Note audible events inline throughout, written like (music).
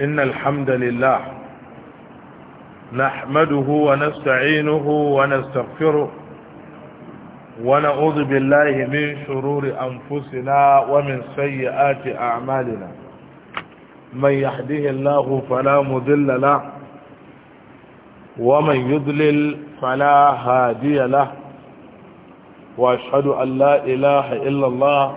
إن الحمد لله نحمده ونستعينه ونستغفره ونعوذ بالله من شرور أنفسنا ومن سيئات أعمالنا من يهده الله فلا مذل له ومن يضلل فلا هادي له وأشهد أن لا إله إلا الله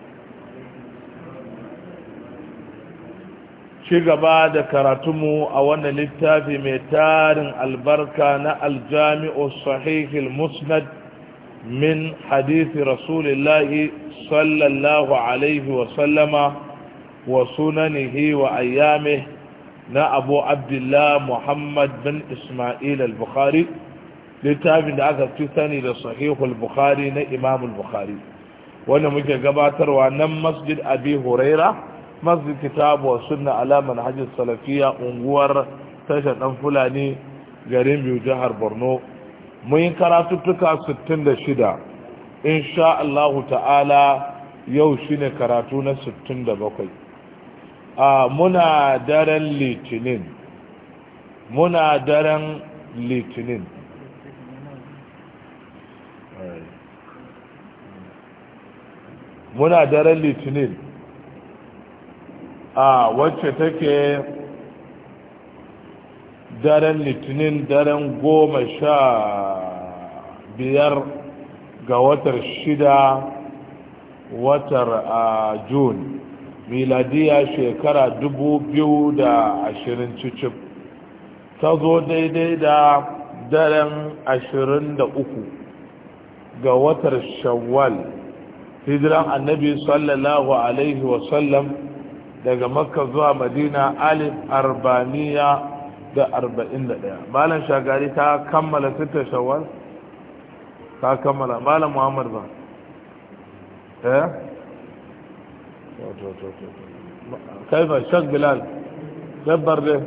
ci gaba da karatunmu a wannan littafi mai tarin albarka na aljami'u sahihil musnad min hadithi rasulillahi sallallahu alaihi sallama wa sunanihi wa ayyame na abu abdullah muhammad bin ismail al-bukhari littafin da aka fi sani da sahihul bukhari na imamul bukhari wanda muke gabatarwa nan masjid abi huraira masu kitabu wa suna alamar hajji salafiya unguwar tashar dan fulani garin biyu jihar borno mun yi karatuttuka 66 insha allahu ta'ala yau shine karatu na 67 a muna daren litinin muna daren litinin muna daren litinin a wacce take daren litinin daren goma sha biyar ga watar shida watar a june miladiya shekara dubu biyu da ashirin cicin ta zo daidai da daren ashirin da uku ga watar shawwal hijiran annabi sallallahu alaihi wasallam daga makka zuwa madina alif arbaniya da arba'in da ɗaya malam shagari ta kammala sita shawar ta kammala malam muhammad ba eh kai ba shak bilal dabbar da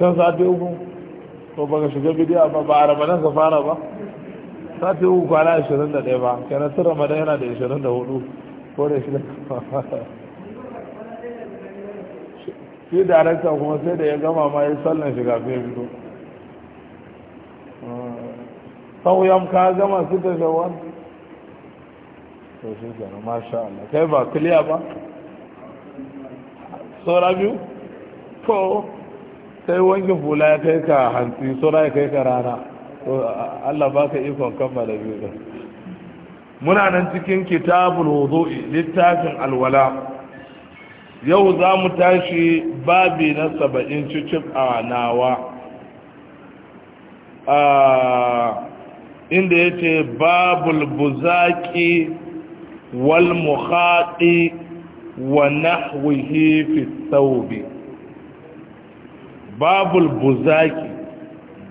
can sati uku ko ba ka shiga bidiyo ba ba a ramadan ka fara ba sati uku kwana 21 ba kenan sun ramadan yana da 24 kore shi da shi darakta kuma sai da ya gama ma ya sallan shiga fiye fito sauyan ka gama su ta shawar to shi gano masha Allah kai ba kiliya ba tsora biyu ko sai wanke fula ya kai ka hantsi tsora ya kai ka rana Allah ba ka ikon kammala biyu muna nan cikin kitabul wudu'i littafin alwala yau za mu tashi babi na saba'in cikin a nawa inda yace ce babul buzaki wal muhaɗi wa nahwihi fi saubi babul buzaki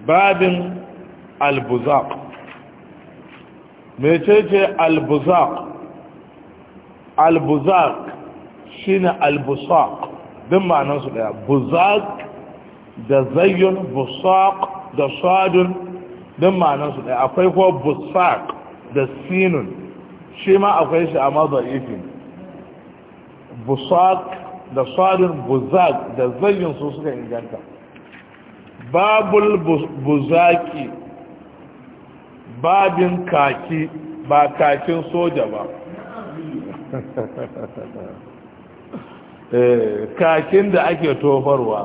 babin albuzaq mecece albuzaq albuzaq shine albusaq din ma'anar su daya buzaq da zayyun busaq da sadun din ma'anar daya akwai ko busaq da sinun shima akwai shi a mazarifin busaq da sadun buzaq da zayyun su suka inganta babul buzaki babin kaki ba kakin soja ba eh, kakin da ake tofarwa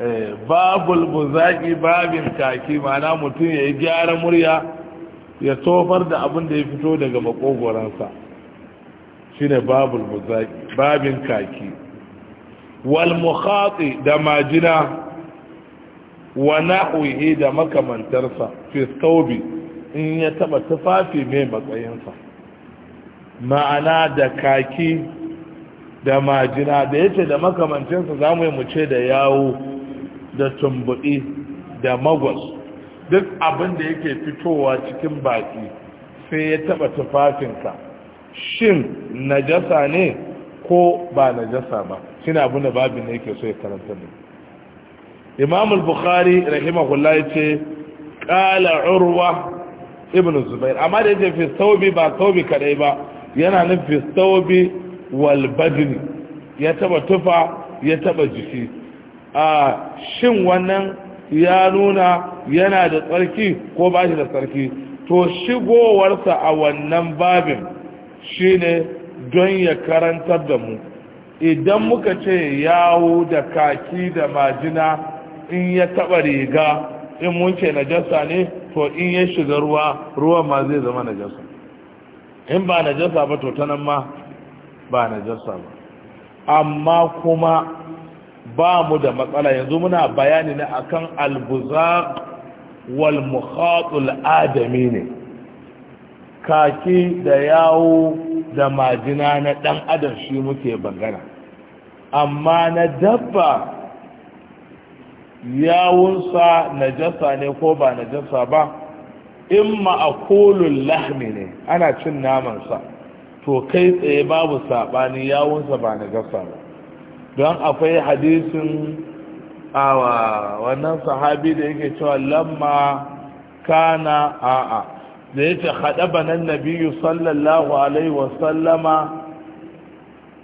eh, babul buzaki babin kaki mana mutum ya yi gyara murya ya tofar da abin da ya fito daga makogoransa shi ne babul buzaki babin kaki wal da majina wa na'uhi da makamantarsa fi in ya taba tufafi mai matsayinsa ma'ana da kaki da majina da yace da makamantarsa zamu yi mu ce da yawo da tumbuɗi da magwas duk abinda da yake fitowa cikin baki sai ya taba tufafinka shin najasa ne ko ba najasa ba shine abin da babin ne yake so ya karanta ne imam al-bukhari rahimahullah yace qala urwa ibn zubair amma da yace fi thawbi ba thawbi kaɗai ba yana nufin fi thawbi ya taba tufa ya taba jiki a shin wannan ya nuna yana da tsarki ko ba shi da tsarki to shigowarsa a wannan babin shine don ya karantar da mu idan muka ce yawo da kaki da majina in ya taɓa riga in mun ce najasa ne to in ya shiga ruwa ruwan ma zai zama najasa in ba najasa ba to ta nan ma ba najasa ba amma kuma ba mu da matsala yanzu muna bayani ne akan albuzaq wal mukhatul adami ne kaki da yawo da majina na dan adam shi muke bangana amma na dabba yawunsa najasa ne ko ba najasa ba in ma'akulun lahmi ne ana cin namansa to kai tsaye babu saɓani yawunsa ba najasa ba don akwai hadisin awa wannan sahabi da yake cewa lamma kana a'a da yake haɗa banan nabiyu sallallahu alaihi wasallama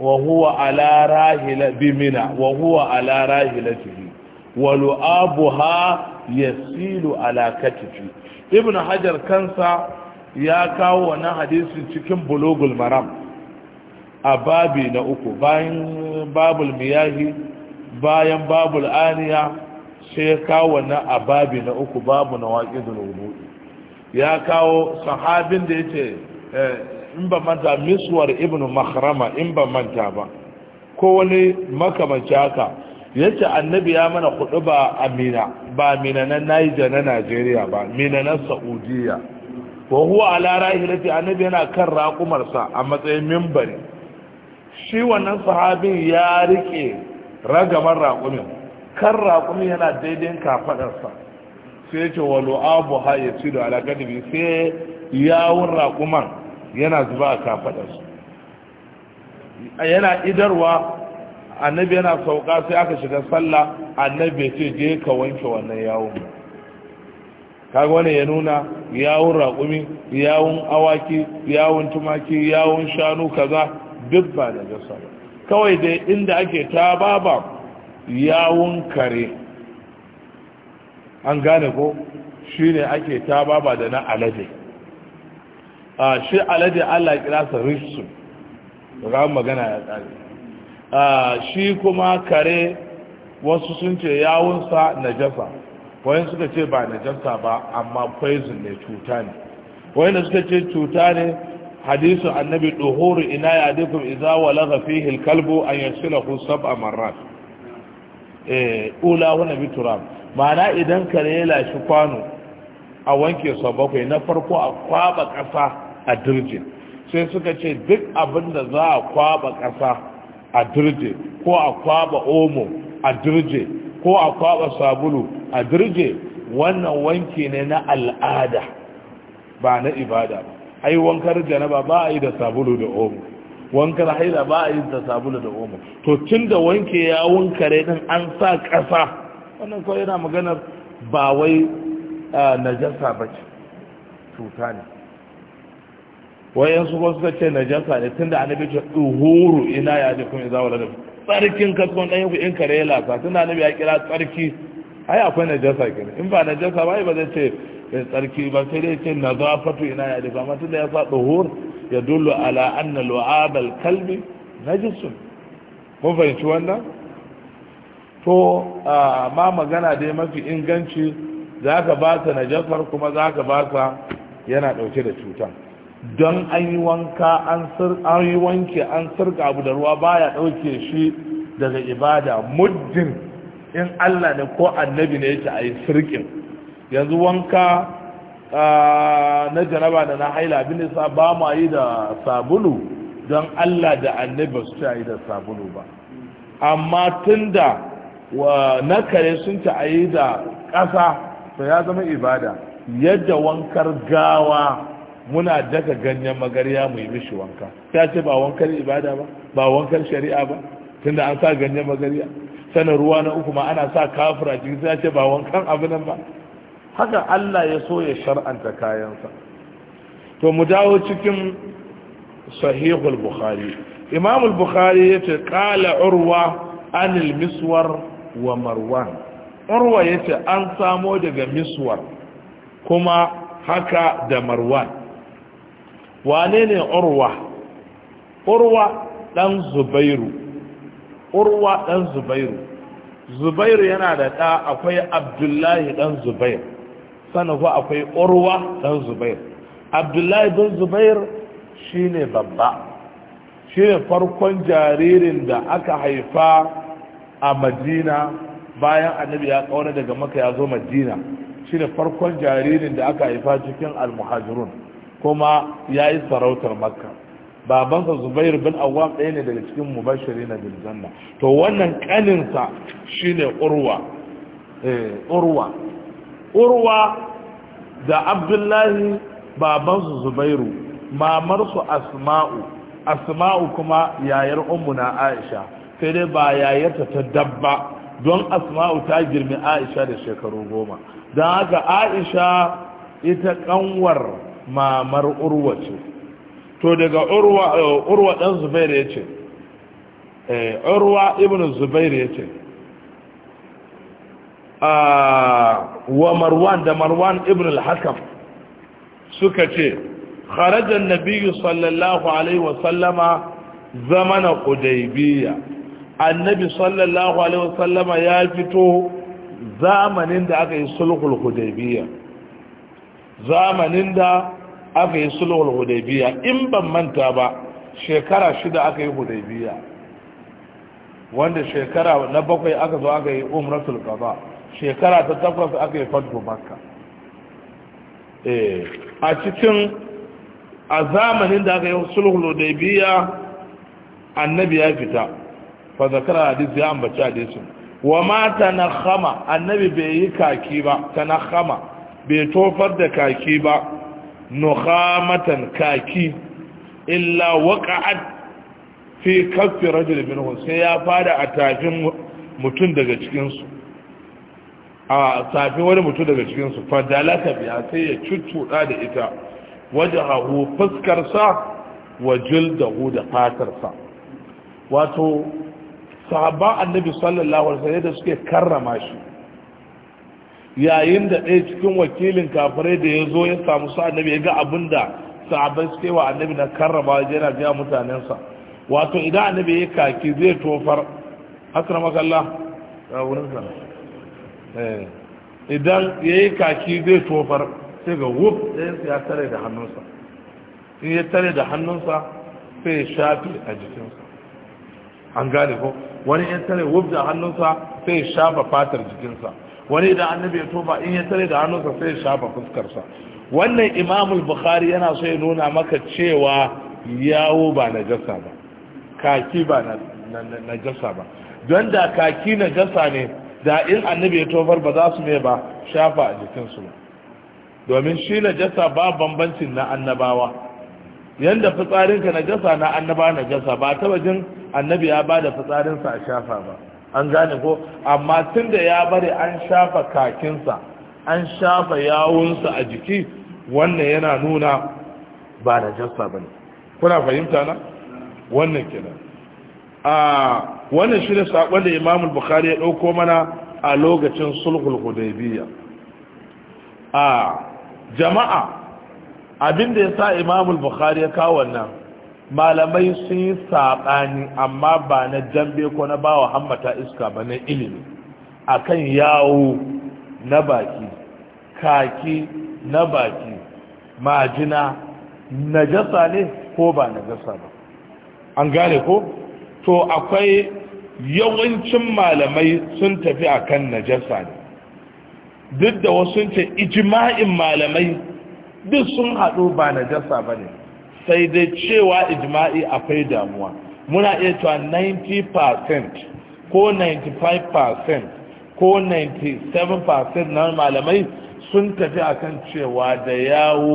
wa huwa ala rahila bimina wa huwa ala walu ha ya silu katifi ibn hajar kansa ya kawo wani hadisi cikin bulogul maram a babi na uku bayan babul miyahi bayan babul aniya sai ya kawo wani a babi na uku babu na waƙidul wudu'i ya kawo sahabin da ya ce eh, in ba manta miswar ibn mahrama in ba manta ba ko wani makamanci haka yace annabi ya mana kudu ba amina ba mina na naija na najeriya ba mina na saudiya wa huwa ala rahilati annabi yana kan raƙumarsa a matsayin mimbari shi wannan sahabin ya rike ragaman raƙumin kan raƙumin yana daidai kafaɗarsa sai ce wa abu ha ya ci da alaƙadibi sai yawun raƙuman yana zuba a kafaɗarsa yana idarwa annabi yana sauka sai aka shiga sallah annabi ce je ka wanke wannan yawon kaga wani ya nuna yawon raƙumi yawon awaki yawon tumaki yawon shanu kaza duk ba da jasa ba kawai dai inda ake ta baba yawon kare an gane ko shi ne ake ta baba da na alade a shi alade allah kira sa rishsu ga magana ya tsari shi kuma kare wasu sun ce yawunsa na jasa, wayan suka ce ba na jasa ba amma poison ne cuta ne wayan suka ce cuta ne hadisu annabi duhuru ina ya dukkan idza walagha fihi alqalbu an yasilahu sab'a marrat eh ula wa nabi turab ma'ana idan kare ya lashi kwano a wanke sa bakwai na farko a kwaba kasa a dirjin sai suka ce duk abin da za a kwaba kasa a dirje ko a kwaba omo a dirje ko a kwaba sabulu a dirje wannan wanki ne na al'ada ba na ibada ai wankar janaba ba a yi da sabulu da omo wankar haila ba a yi da sabulu da omo to tun da wanke ya wankare din an sa ƙasa wannan kawai yana maganar ba wai eh, najasa ba ce cuta ne su kuma suka ce najasa ne tunda annabi ce duhuru ina ya ji kuma idza da tsarkin kasuwan dan yanku in kare lafa tunda annabi ya kira tsarki ai akwai najasa ke in ba najasa ba yi ba zai ce eh, tsarki ba sai dai ce nazafatu ina ya ji amma tunda ya sa duhur ya dullu ala anna lu'ab al-kalbi najisun mun fahimci wannan to ma magana dai mafi inganci za ka ba ta najasar kuma za ka ba ta yana ɗauke da cutan don an yi wanka an yi wanke an sirka abu da ruwa baya ɗauke shi daga ibada muddin in Allah ne ko annabi ne yake a yi sirkin yanzu wanka na janaba da na haila abin sa ba mu yi da sabulu don Allah da annabi ba su yi da sabulu ba amma tun da na kare sun ci a yi da ƙasa to ya zama ibada yadda wankar gawa muna daga ganyen magarya mu yi mishi wanka ta ce ba wankan ibada ba ba wankan shari'a ba tunda an sa ganyen magarya sanin ruwa na uku ma ana sa kafira jiki ta ce ba wankan nan ba haka Allah ya so ya shar'anta kayansa to mu dawo cikin sahihul bukhari imam bukhari yace qala urwa anil miswar wa marwan urwa yace an samo daga miswar kuma haka da marwan wane ne urwa urwa dan zubairu urwa dan zubairu zubairu yana da ɗa akwai abdullahi dan zubair sannan ko akwai urwa dan zubair abdullahi bin zubair shine babba shine farkon jaririn da aka haifa a madina bayan annabi ya kauna daga maka ya zo madina shine farkon jaririn da aka haifa cikin almuhajirun kuma ya yi sarautar makka babansa zubair bin awam ɗaya ne daga cikin mubashiri na biljanna to wannan kaninsa shine urwa eh, urwa urwa da abdullahi babansu zubairu mamarsu asma'u asma'u kuma yayar umuna aisha sai dai ba yayarta ta dabba don asma'u ta girmi aisha da shekaru goma don haka aisha ita kanwar mamar urwa ce to daga urwa eh, urwa dan zubair ya ce eh, urwa ibn zubairu ya ce ah, wa marwan da marwan ibn al-hakam suka ce kharajan nabiyu sallallahu alaihi wasallama zamana hudaybiya annabi sallallahu alaihi wasallama ya fito zamanin da aka yi sulhul hudaybiya zamanin da aka yi sulhul hudaybiya in ban manta ba shekara shida aka yi hudaybiya wanda shekara na bakwai aka zo aka yi umratul qada shekara ta takwas aka yi fadu makka eh a cikin a zamanin da aka yi sulhul hudaybiya annabi ya fita fa zakara hadis ya ambaci hadisin wa ma tanakhama annabi bai yi kaki ba tanakhama bai tofar da kaki ba nukhamatan kaki illa waqa'at fi kaffi rajul minhu sai ya fada a tafin mutum daga cikin su a tafin wani mutum daga cikin su fadalaka biya sai ya cuccuda da ita wajahu fuskar sa wa jildahu da fatar sa wato sahabban annabi sallallahu alaihi wasallam da suke karrama shi yayin da ɗaya cikin wakilin kafirai da ya zo ya samu su annabi ya ga abin da sahabai suke wa annabi na karrama yana biya mutanensa wato idan annabi ya kaki zai tofar makalla a wurin sa eh, idan ya yi kaki zai tofar sai ga wuf ɗaya ya tare da hannunsa in ya tare da hannunsa sai ya shafi a jikinsa an gane ko wani ya tare wuf da hannunsa sai ya shafa fatar jikinsa wani idan annabi ya in ya tare da hannunsa sai ya shafa fuskarsa wannan imamul bukhari yana so ya nuna maka cewa yawo ba jasa ba kaki ba jasa ba don da kaki jasa ne da in annabi ya tofar ba za su mai ba shafa a jikinsu ba domin shi jasa ba bambancin na annabawa yanda fitsarinka jasa na annaba jasa ba taba jin annabi ya ba da fitsarinsa a shafa ba an gane ko amma tun da ya bari an shafa kakinsa an shafa yawunsa a jiki wannan yana nuna ba da jasa ba ne kuna fahimta na wannan kenan a wannan shi ne saƙon da imam bukhari ya ɗauko mana a lokacin sulhul hudaybiya a jama'a abinda ya sa imam bukhari ya kawo wannan malamai sun yi saɓani amma ba na jambe ko na bawa hammata iska ba na ilimi kan yawo na baki kaki na baki majina najasa ne ko ba najasa ba an gane ko to akwai yawancin malamai sun tafi akan najasa ne duk da wasu ce ijima'in malamai duk sun haɗu ba najasa ba ne sai dai cewa ijma'i akwai damuwa muna iya cewa 90% ko 95% ko 97% na malamai sun tafi akan cewa da yawo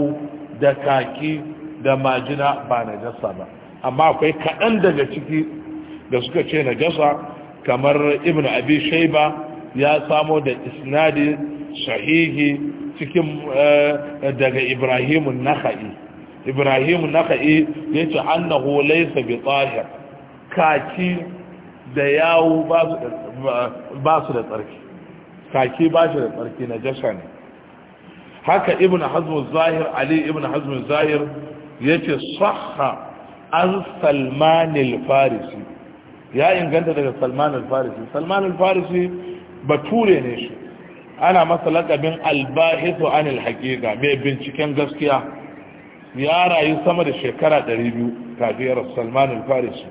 da kaki da majina ba na jasa ba amma akwai kaɗan daga ciki da suka ce na jasa kamar ibn abi shaiba ya samo da isnadi sahihi cikin eh, daga ibrahimun naka'i ibrahim naka'i yace annahu laysa bi tahir kaki da yawo ba su da tsarki kaki ba su da tsarki na jasha ne haka ibn hazm zahir ali ibn hazm zahir ya ce sahha an salman al-farisi ya inganta daga salman al-farisi salman al-farisi bature ne shi ana masa lakabin al-bahithu anil haqiqa mai binciken gaskiya ya rayu sama da shekara 200 kafiyar salman al-farisi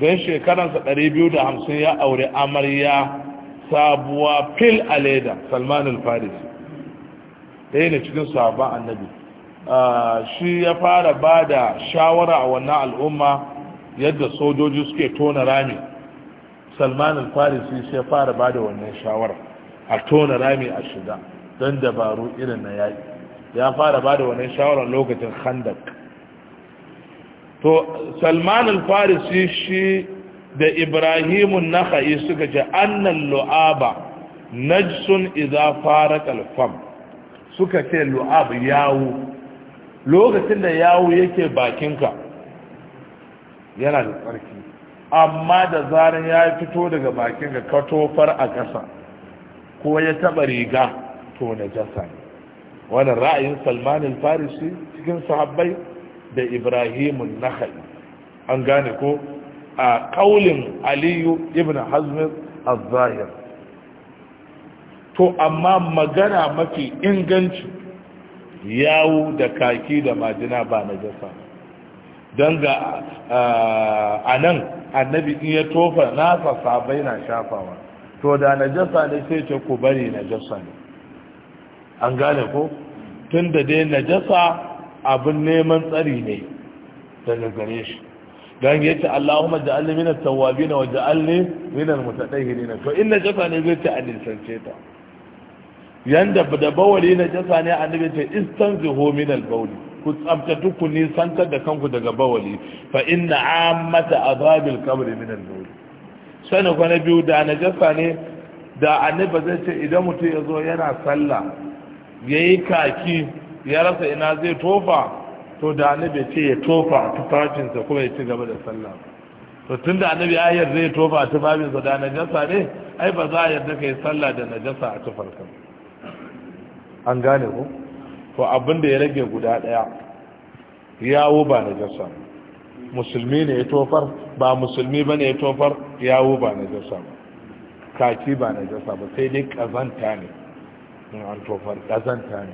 don shekaransa 250 ya aure amarya sabuwa fil a leda salman al-farisi ɗaya ne cikin sahabban annabi ah, shi ya fara ba da shawara a wannan al'umma yadda sojoji suke tona rami salman al-farisi shi ya fara bada wannan shawara a tona rami a shiga don dabaru irin na yaƙi ya fara ba da wani shawarar lokacin khandak to salman al-farisi shi da ibrahimun naha'i suka ce annan lu'aba najsun idza faraka al-fam suka ce lu'ab yawo lokacin da yawo yake bakinka yana da tsarki amma da zaran ya fito daga bakinka ka tofar a ƙasa ko ya taɓa riga to na jasa ne wannan ra'ayin salmanin farisi cikin sahabbai da ibrahim nahal an gane ko a kaulin aliyu ibn hazm al-zahir to amma magana mafi inganci yawo da kaki da majina ba na jasa don ga a nan annabi in ya tofa nasa sabai na shafawa to da najasa ne sai ce ku bari jasa ne an gane ko tun da dai najasa abin neman tsari ne daga gare shi don ya ce Allahumma ja'alni min at-tawwabin wa ja'alni min al-mutatahhirin to in najasa ne zai ta a ta yanda da bawali najasa ne annabi ce istanzihu min al-bawl ku tsabtatu tukuni nisantar da kanku daga bawali fa inna ammata azabil qabr min al-bawl sanu kana biyu da najasa ne da annabi zai ce idan mutum ya zo yana sallah ya yi kaki ya rasa ina zai tofa to da annabi ce ya tofa a tufafinsa kuma ya ci gaba da sallah to tun da annabi ayar zai tofa a tufafinsa da najasa ne ai ba za a yarda ka yi sallah da najasa a tufarka an gane ko to abin da ya rage guda ɗaya yawo ba najasa musulmi ne ya tofar ba musulmi ba ne ya tofar yawo ba najasa ba kaki ba najasa ba sai dai kazanta ne in an tofar ne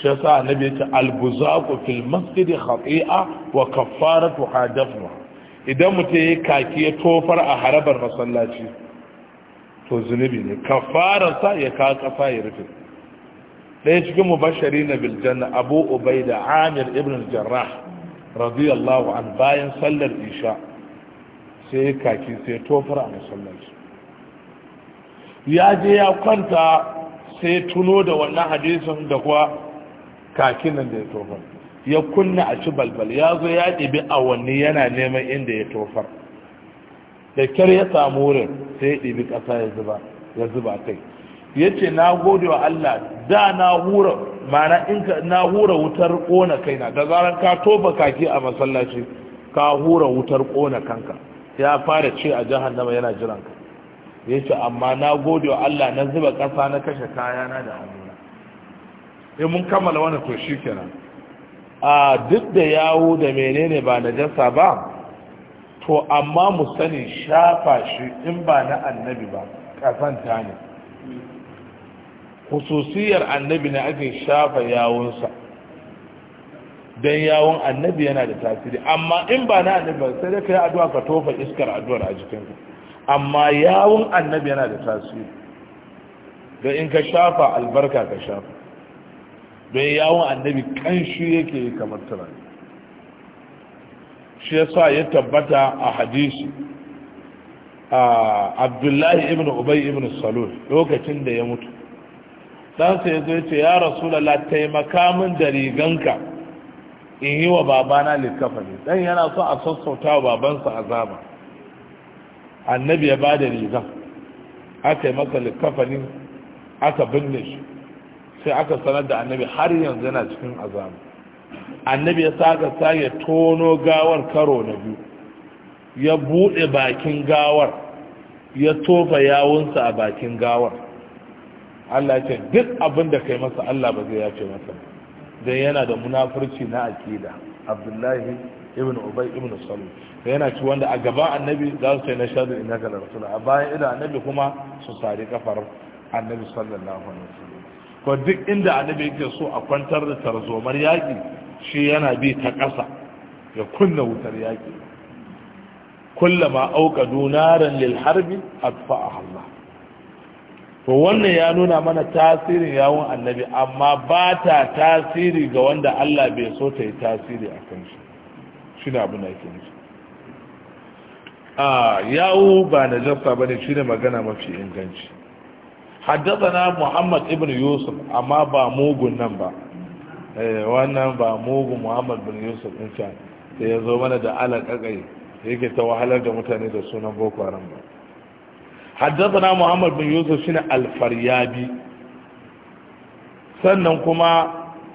shi yasa annabi ya ce albuzaqu fil masjid khati'a wa kaffaratu hadafna idan mutum ya kaki ya tofar a harabar masallaci to zunubi ne kafararsa ya ka kafa ya rufe ɗaya cikin mubashari na biljanna abu ubaida amir ibn jarrah radiyallahu an bayan sallar isha sai kaki sai tofar a masallaci ya je ya kwanta sai tuno da wannan hadisin da kuwa kaki nan da ya tofar ya kunna a ci balbal ya zo ya ɗibi awanni yana neman inda ya tofar da kyar ya samu wurin sai ya ɗibi ƙasa ya zuba kai ya ce na gode wa Allah da na hura mana in ka na hura wutar ƙona kaina da zarar ka tofa kaki a masallaci ka hura wutar ƙona kanka ya fara ce a jahannama yana jiranka ya ce amma na gode wa Allah na zuba ƙasa na kashe kayana da hannuna ya eh, mun kammala wani to shi kenan a duk da yawo da menene ba na jasa ba to amma mu sani shafa shi in ba na annabi ba ta ne hususiyar annabi ne ake shafa yawunsa don yawon annabi yana da tasiri amma in ba na annabi ba sai da ka yi addu'a ka tofa iskar addu'ar a jikinka amma yawun annabi yana da tasiri don in ka shafa albarka ka shafa don yawun annabi kanshi yake yi kamar turare shi ya sa ya tabbata a hadisi a abdullahi ibn ubai ibn salul lokacin da ya mutu ɗansa ya zo ya ce ya rasulallah taimaka min da riganka in yi wa babana littafa ne ɗan yana so a sassauta wa babansa azaba annabi ya ba da rigan aka yi masa likafanin aka binne shi sai aka sanar da annabi har yanzu yana cikin azamu annabi ya saka ya tono gawar karo na biyu ya buɗe bakin gawar ya tofa yawunsa a bakin gawar Allah ce duk abin da kai masa Allah ba zai ya ce masa don yana da munafurci na akida abdullahi ibn ubay ibn salul yana ci wanda a gaban annabi za su sai na shadu inna ga rasul a bayan idan annabi kuma su sari kafar annabi sallallahu alaihi wasallam ko duk inda annabi yake so a kwantar da tarzomar yaki shi yana bi ta ƙasa ya kunna wutar yaki kullama auqadu naran lil harbi atfa'aha Allah to wannan ya nuna mana tasirin yawon annabi amma ba ta tasiri ga wanda Allah bai so ta yi tasiri a kan shi shi abu abin da ake nufi a yawo ba na jafa ba ne shi ne magana mafi inganci haddazana muhammad ibn yusuf amma ba mugun nan ba eh, wannan ba mugun muhammad ibn yusuf ɗin can da ya zo mana da alaƙaƙai yake ta wahalar da mutane da sunan boko haram ba haddazana muhammad ibn yusuf shine alfaryabi sannan kuma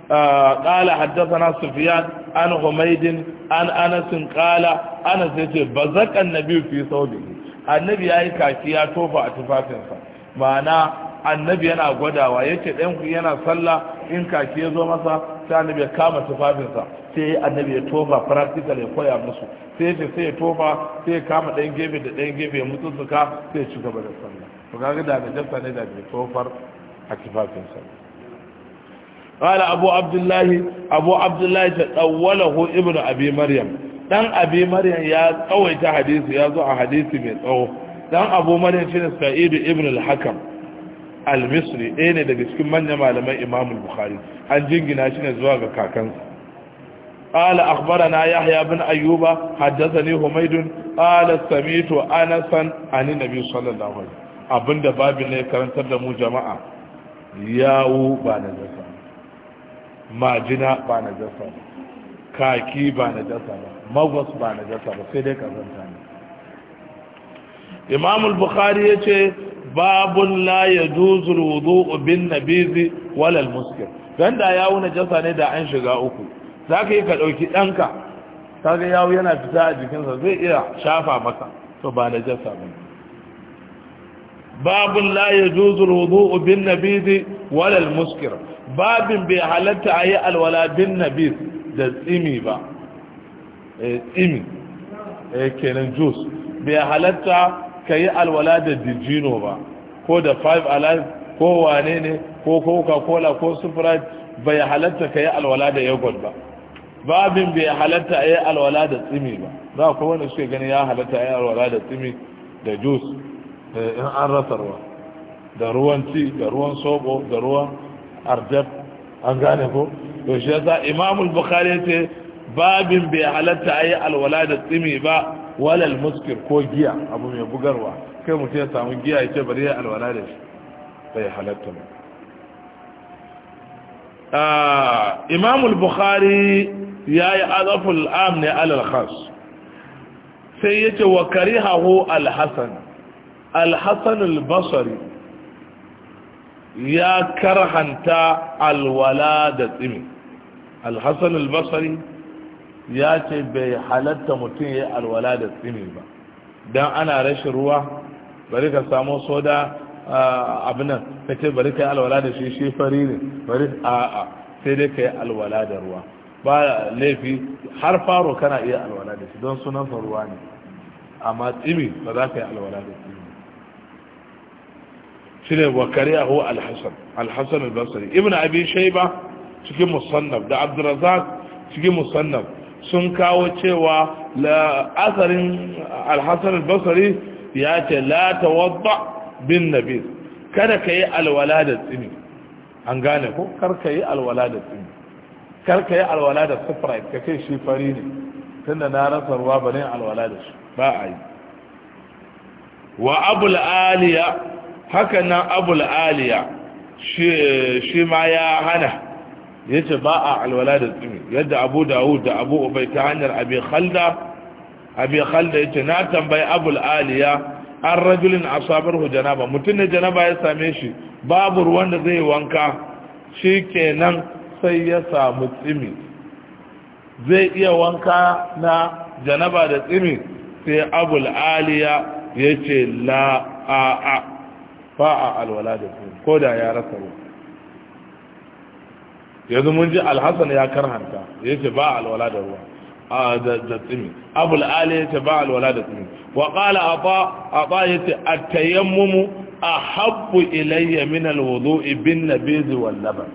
ƙala haddazana sufiyan an humaidin an anasin qala anas yace bazakan nabi fi sawbi annabi yayi kaki ya tofa a tufafinsa ma'ana annabi yana gwadawa yake dan ku yana sallah in kaki ya zo masa sai annabi ya kama tufafinsa sai annabi ya tofa practical ya koya musu sai ya sai ya tofa sai ya kama dan gefe da dan gefe ya suka sai ya ci gaba da sallah to kaga da da ne da tofar a tufafinsa قال أبو عبد الله أبو عبد الله تأوله ابن أبي مريم دان أبي مريم يا قويت حديث يا زوع حديث من أو دان أبو مريم شين سعيد ابن الحكم المصري أين daga cikin manyan malaman Imam Bukhari an jingina shi ne zuwa ga kakansa قال أخبرنا يحيى بن أيوب حدثني حميد قال سمعت أنسا عن النبي صلى الله عليه وسلم abinda babin ne karantar da mu jama'a yawo ba na zaka majina ba na jasa ba kaki ba na jasa ba magwas ba na jasa ba sai dai kazanta ne imam al-bukhari ya ce babun la ya juzul wudu bin nabizi walal muskir dan da yawo na jasa ne da an shiga uku za ka yi ka ɗauki ɗanka kaga yawo yana fita a jikinsa zai iya shafa maka to ba na jasa ba ne babun la yajuzu alwudu bin nabid wala almuskir babin bai halatta ayi alwala bin nabid da tsimi ba eh, tsimi eh, kenan juice bai halatta kayi alwala da dijino ba ko da five alive ko wane ne ko coca cola ko sprite bai halatta kayi alwala da yogurt ba babin bai halatta a yi alwala da tsimi ba za ku wani gani ya halatta a yi alwala da tsimi da jus in an rasa ruwa da ruwan ci da ruwan sobo da ruwan arjab an gane ko to shi yasa imamul bukhari ce babin bai halatta ayi alwala da tsimi ba walal muskir ko giya abu mai bugarwa kai mutum ya samu giya ya ce bari ya alwala da shi bai halatta ba imamul bukhari ya yi azaful amne alal khas sai ya ce wa karihahu al-hasan al-hassan basari ya karhanta alwala da tsimi al-hassan al ya ce bai halarta mutum ya yi alwala da tsimi ba don ana rashin ruwa bari ka samu soda nan ka ce bari ka yi alwala da shi shi fari ne bari a'a sai dai ka yi alwala da ruwa ba laifi har faro kana iya alwala da shi don sunan ruwa ne amma tsimi ba za ka yi alwala da shi. shine wa kariyahu al-hasan al-hasan al-basri cikin musannaf da abdurrazzaq cikin musannaf sun kawo cewa la'asarin asarin al ya ce la ta wadda bin nabi kada ka yi alwala da tsini an gane ko kar yi alwala da tsini kar yi alwala da sufra ka kai shi fari ne tunda na rasa ruwa bane alwala da shi ba a yi wa abu la'aliya. haka nan abul aliya shi ma ya hana ya ce ba a alwala da tsimi yadda abu dawud da abu ubai ta hanyar abi khalda abi khalda ya ce na tambayi abul aliya an rajulin asabar hu janaba mutum ne janaba ya same shi babu ruwan da zai wanka shi kenan sai ya samu tsimi zai iya wanka na janaba da tsimi sai abul aliya ya ce la'a'a ba a alwala da su ko da ya rasa ruwa yanzu mun ji alhassan ya karhanta ya ce ba a alwala da ruwa da tsimi abul ali ya ce ba a alwala da tsimi wa kala a ba ya ce a tayammumu a habbu ilayya min alwudu ibin nabizi wallaban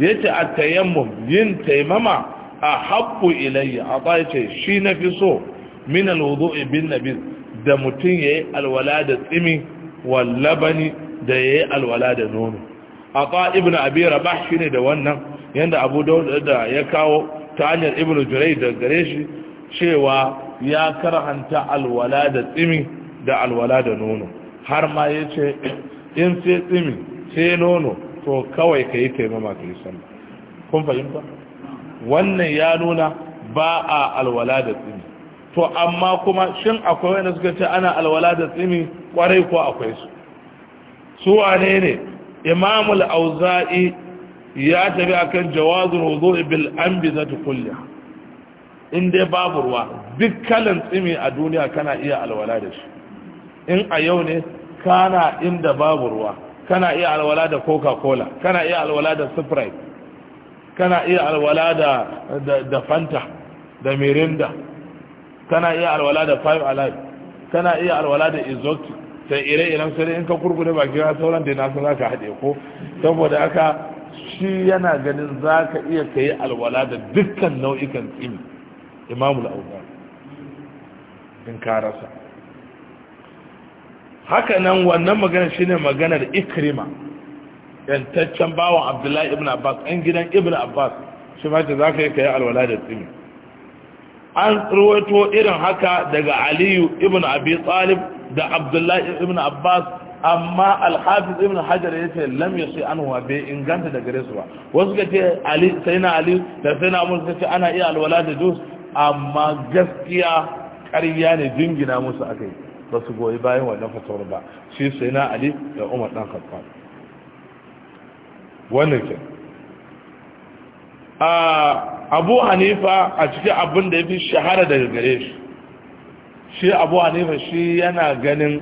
ya ce a tayammum yin taimama a habbu ilayya a ba ya ce shi na fi so min alwudu ibin nabizi da mutum ya yi alwala da tsimi wallabani da yayi alwala da nono aqa ibnu abi rabah ne da wannan yanda abu da ya kawo ta hanyar ibnu jurai da gare shi cewa ya karhanta alwala da tsimi da alwala da nono har ma yace in sai tsimi sai nono to kawai kai taimama kai sallah kun fahimta wannan ya nuna ba a alwala da tsimi to amma kuma shin akwai wanda suka ce ana alwala da tsimi kwarai ko akwai su su wane ne imamul auza'i ya tafi akan jawazul wudu'i bil anbizati kulliha in dai babu ruwa duk kalan tsimi a duniya kana iya alwala da shi in a yau ne kana inda babu ruwa kana iya alwala da coca-cola kana iya alwala da sprite kana iya alwala da da fanta da mirinda kana iya alwala da five alive kana iya alwala da exotic sai ire-iren sai in ka kurkure baki ga sauran da nasu za ka haɗe ko saboda aka shi yana ganin za ka iya ka yi alwala da dukkan nau'ikan tsimi imamul auza in ka rasa haka nan wannan magana shine maganar ikrima yantaccen bawan abdullahi ibn abbas an gidan ibn abbas shi ma ta za kai yi ka yi alwala da tsimi an ruwaito irin haka daga aliyu ibn abi talib da abdullahi ibn abbas amma alhafiz ibn hajar ya ce lam yasi anhu bai inganta da gare su ba wasu ka ce ali sai na ali da sai na amur ka ce ana iya alwala da dus amma gaskiya ƙarya ne jingina musu akai ba su goyi bayan wannan fasawar ba shi sai na ali da umar dan khattab wannan ke. abu hanifa a cikin abin da ya fi shahara daga gare shi shi abu hanifa shi yana ganin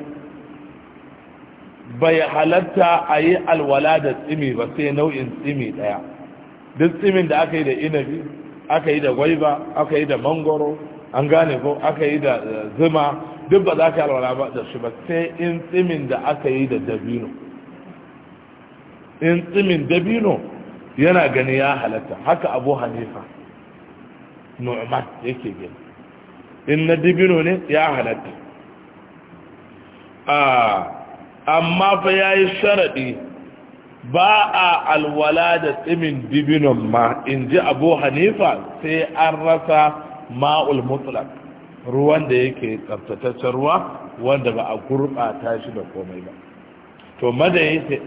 bai halatta a yi alwala da tsimi ba sai nau'in tsimi daya duk tsimin da aka yi da inabi aka yi da gwaiba aka yi da mangoro an gane ko aka yi da eh, zuma duk ba za ka yi alwala ba da shi ba sai in tsimin da aka yi da dabino in tsimin dabino yana gani ya halatta haka abu hanifa nu'man yake gani in na dibino ne ya halatta amma fa ya yi sharaɗi ba a alwala da tsimin Dibino ma in ji abu hanifa sai an rasa ma'ul mutlak ruwan da yake tsaftataccen ruwa wanda ba a gurɓata shi da komai ba to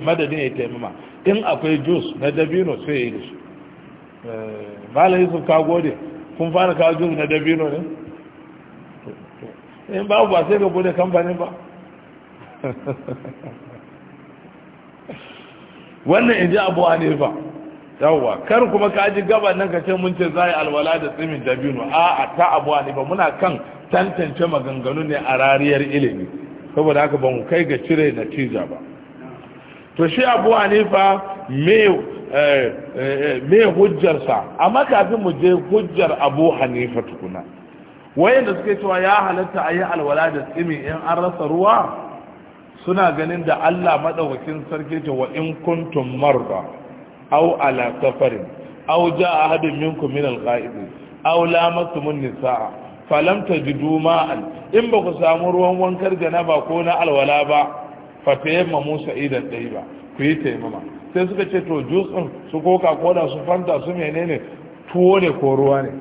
madadin ya taimama in akwai jus na dabino sai ya yi shi eh, malam yusuf kago ne kun fara kawo jus na dabino ne in ba ba sai ka bude kamfanin ba (laughs) wannan in ji abu hanifa yawwa kar kuma ka ji gaban nan ka ce mun ce za yi alwala da tsimin dabino a a ta abu ba. muna kan tantance maganganu ne a rariyar ilimi saboda haka ba mu kai ga cire natija ba to shi abu hanifa eh, eh, me hujjarsa amma kafin mu je hujjar abu hanifa tukuna wayanda suke cewa ya halatta a yi alwala da tsimi in an rasa ruwa suna ganin da allah maɗaukakin sarki ta wa in kuntum marda au ala safarin au ja a hadin minkum min alqa'idi au lamastumun nisa'a falam tajidu ma'an in ba ku samu ruwan wankar ba ko na alwala ba fatayamma musa idan ɗaya ba ku yi taimama sai suka ce to jus ɗin su koka koda su fanta su menene tuwo ne ko ruwa ne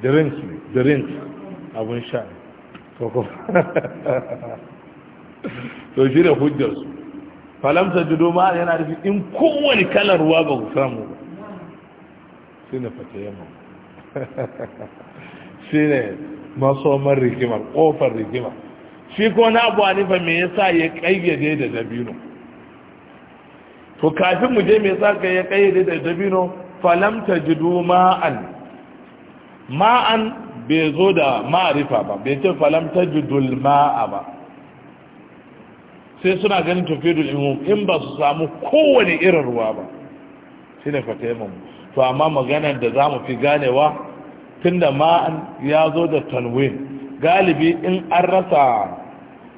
drink ne drink abun sha ne to (laughs) shi da hujjarsu falamta judo ma yana da in kowane kalar ruwa ba ku samu ba shi ne fatayamma (laughs) shi ne masomar rigimar ƙofar rigimar shi ko na abu hanifa me yasa ya kayyade da dabino to kafin mu je me yasa ka ya kayyade da dabino falam tajidu ma'an ma'an bai zo da ma'arifa ba bai ce falam tajidul ma'a ba sai suna ganin tufidul imum in ba su samu kowane irin ruwa ba shine fataimun to amma maganar da za mu fi ganewa tunda ma'an ya zo da tanwin galibi in an rasa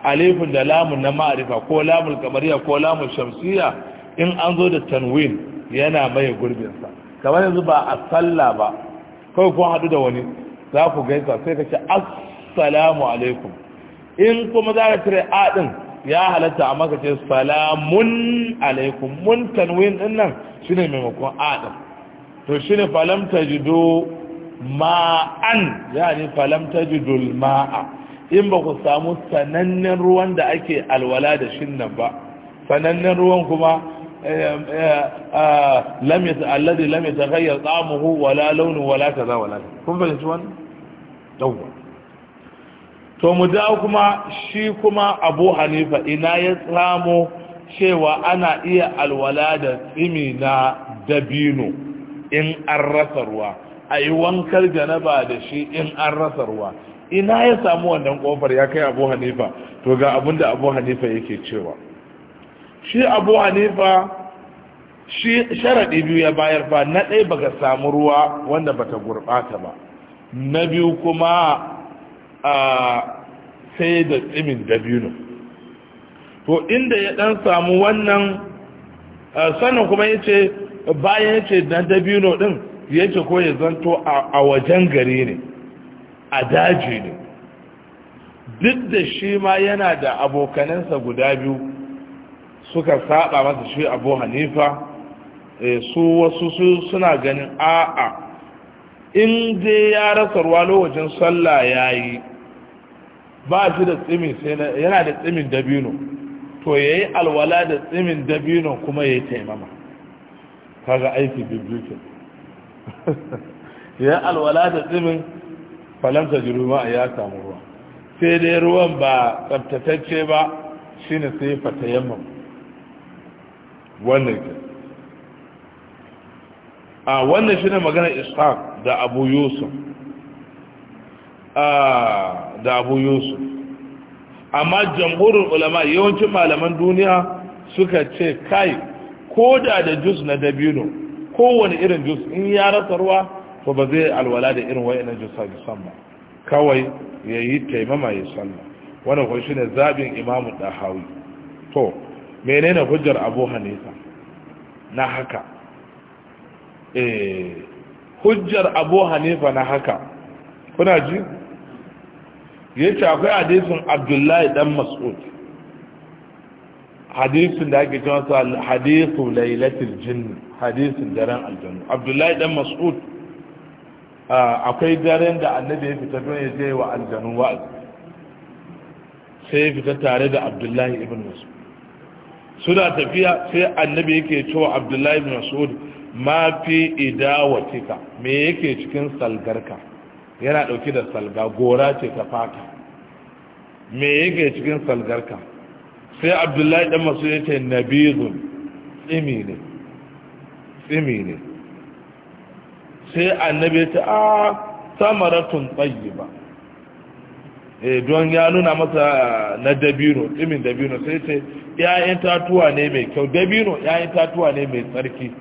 Alifin da lamun na ma'arifa ko lamun kamariya ko lamun shamsiya in an zo da tanwin yana mai gurbinsa kamar yanzu ba a sallah ba kawai kun haɗu da wani za ku gaisa sai ka ce assalamu alaikum in kuma za ka cire a ya halatta amma maka ce salamun alaikum mun tanwin ɗin nan shi ne maimakon a ɗin to shi ne falamta jido ma'an ya ne falamta jidul ma'a in ba ku samu sanannen ruwan da ake alwala da shin ba sanannen ruwan kuma eh, eh, ah, alladhi lam yataghayyar ta'amuhu wala launin wala kaza wala kun fahimci wani dawwa to mu dawo kuma shi kuma Abu Hanifa ina ya samu cewa ana iya alwala da tsimi na dabino in an rasa ruwa a yi wankar janaba da shi in an rasa ruwa ina ya samu wannan kofar ya kai abu hanifa to ga abin da abu hanifa yake cewa shi abu hanifa shi sharaɗi biyu ya bayar fa na ɗaya baka samu ruwa wanda bata gurɓata ba na biyu kuma a sai da tsimin dabino to inda ya ɗan samu wannan sannan kuma ya ce bayan ya ce na dabino ɗin ya ce ko ya zanto a wajen gari ne a daji ne duk da shi ma yana da abokanansa guda biyu suka saba masa shi abu hanifa eh, su wasu suna ganin a'a in dai ya rasa ruwa lokacin sallah ya yi ba shi da tsimin yana da tsimin dabino to ya yi alwala da tsimin dabino kuma ya yi taimama kaga aiki biblikin (laughs) ya yi alwala da tsimin falamta jiruma ya samu ruwa sai dai ruwan ba tsabtatacce ba shine sai fata yamma wannan ke a wannan ne magana ishaq da abu yusuf da abu yusuf amma jamhurin ulama yawancin malaman duniya suka ce kai ko da da jus na dabino kowane irin jus in ya rasa ruwa ko ba zai alwala da irin wa'annan jisa-jisan ba kawai ya yi taimama ya sallah wani kuwa shi ne zaɓin imamu hawi to na hujjar abu hanifa na haka eh hujjar abu hanifa na haka kuna ji ce akwai hadisin abdullahi dan mas'ud hadisin da ake cewa sa lailatul jinn hadisin daren aljannu abdullahi dan mas'ud Ah, akwai daren da annabi ya fita don ya je wa aljanu wa'azi sai ya fita tare da abdullahi ibn mas'ud suna tafiya sai annabi yake cewa abdullahi ibn mas'ud ma fi idawatika me yake cikin salgarka yana dauke da salga gora ce ta fata me yake cikin salgarka sai abdullahi Ibn mas'ud yace nabizun tsimi ne tsimi ne sai annabi ta a ah, samaratun tayyiba eh don ya nuna masa ah, na dabino imin dabino sai ce ƴaƴan tatuwa ne mai kyau dabino ƴaƴan tatuwa ne mai tsarki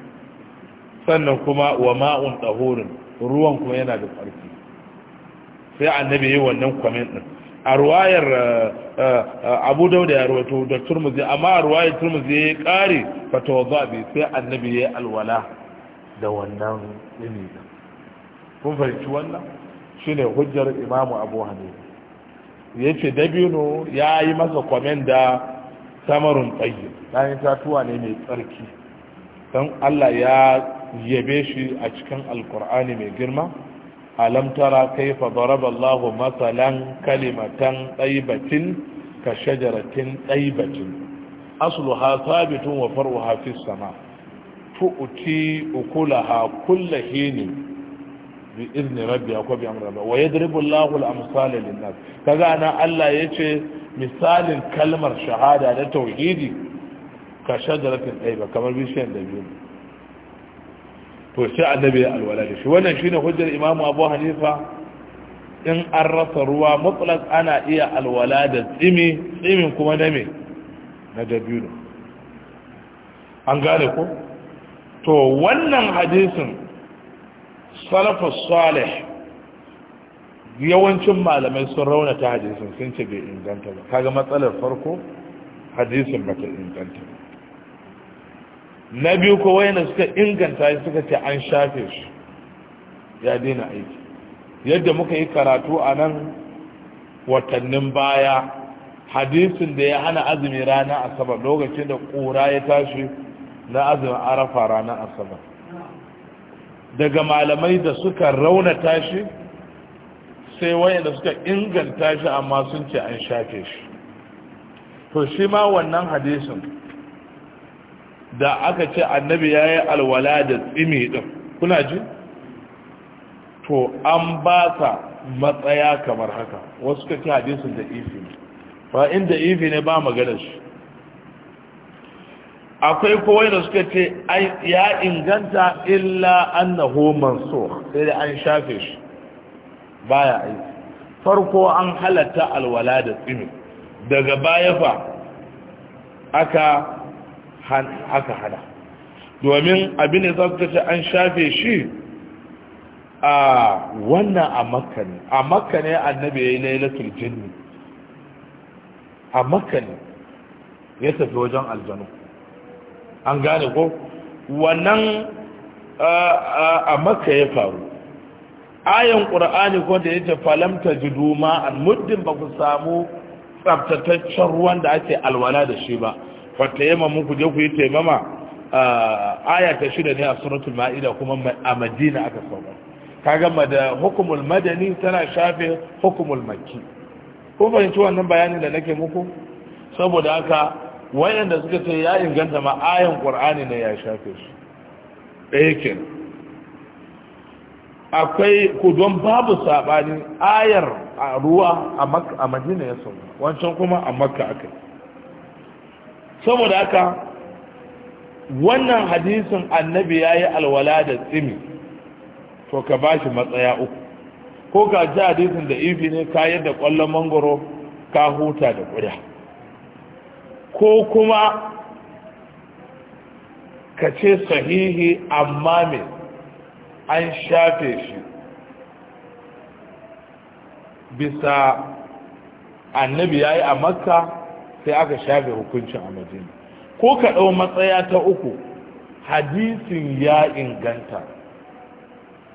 sannan kuma wa ma'un tahurin ruwan kuma yana da tsarki sai annabi yi wannan kwamin din a ruwayar ah, abu dauda ya ruwato da turmuzi amma a ruwayar turmuzi ya kare fata wa zaɓe sai annabi ya yi alwala da wannan ilimin kun fahimci wannan Shi ne hujjar imamu abu hane ya ce dabino ya yi masa kwamen da samarin tsaye ɗan tatuwa ne mai tsarki don allah ya yabe shi a cikin alkur'ani mai girma alam tara kaifa daraba allahu masalan kalimatan ɗaibatin ka shajaratin ɗaibatin ha sabitun wa faru hafi sama tu'ti ukulaha kullahi ne bi izini rabbi ko bi amri rabbi wa yadribu Allahu al-amsala lin-nas kaga ana Allah yace misalin kalmar shahada da tauhidi ka shajaratin ayba kamar bishiyar da biyu to sai annabi ya alwala da shi wannan shine hujjar Imam Abu Hanifa in an rasa ruwa mutlaq ana iya alwala da tsimi tsimin kuma na me na dabino an gane ko to wannan hadisin Salafu salih yawancin malamai sun raunata hadisin sun ce bai inganta ba kaga matsalar farko hadisin bata inganta ba na biyu ko wayanda suka inganta shi suka ce an shafe shi ya daina aiki yadda muka yi karatu a nan watannin baya hadisin da ya hana azumi rana asabar lokacin da ƙura ya tashi na azumin arafa rana asabar daga malamai da suka rauna tashi sai wayanda suka inganta shi amma sun ce an shafe shi to shi ma wannan hadisin da aka ce annabi ya yi alwala da tsimi ɗin kuna ji to an ba sa matsaya kamar haka wasu kake hadisin da ifi ne Ba inda ifi ne ba magana shi akwai kowai da suka ce ya inganta illa annahu mansur sai da an shafe shi baya aiki farko an halatta alwala da tsimi daga baya fa aka aka hana domin abin da za ce an shafe shi a wannan a makka ne a makka ne annabi ya yi lailatul jinni a makka ne ya tafi wajen aljanu an gane ko wannan a makka ya faru ayan ƙura'ani ko da yake falamta duma an muddin ba ku samu tsabtataccen ruwan da ake alwala da shi ba fata yamma muku je ku yi taimama aya ta shida ne a suratul ma'ida kuma a madina aka Ka gama da hukumul madani tana shafe hukumul maki ko fahimci wannan bayanin da nake muku saboda haka wayanda suka ce ya inganta ma ayan qur'ani ne ya shafe su ɗaya ke akwai kudon babu saɓani ayar a ruwa a madina ya sauka wancan kuma a makka aka saboda haka wannan hadisin annabi ya yi alwala da tsimi to ka ba matsaya uku ko ka ji hadisin da ifi ne ka yadda kwallon mangoro ka huta da ƙuda ko kuma ka ce sahihi amma me an shafe shi bisa annabi ya yi a makka sai aka shafe hukuncin a madina ko ka ɗau matsaya ta uku hadisin ya inganta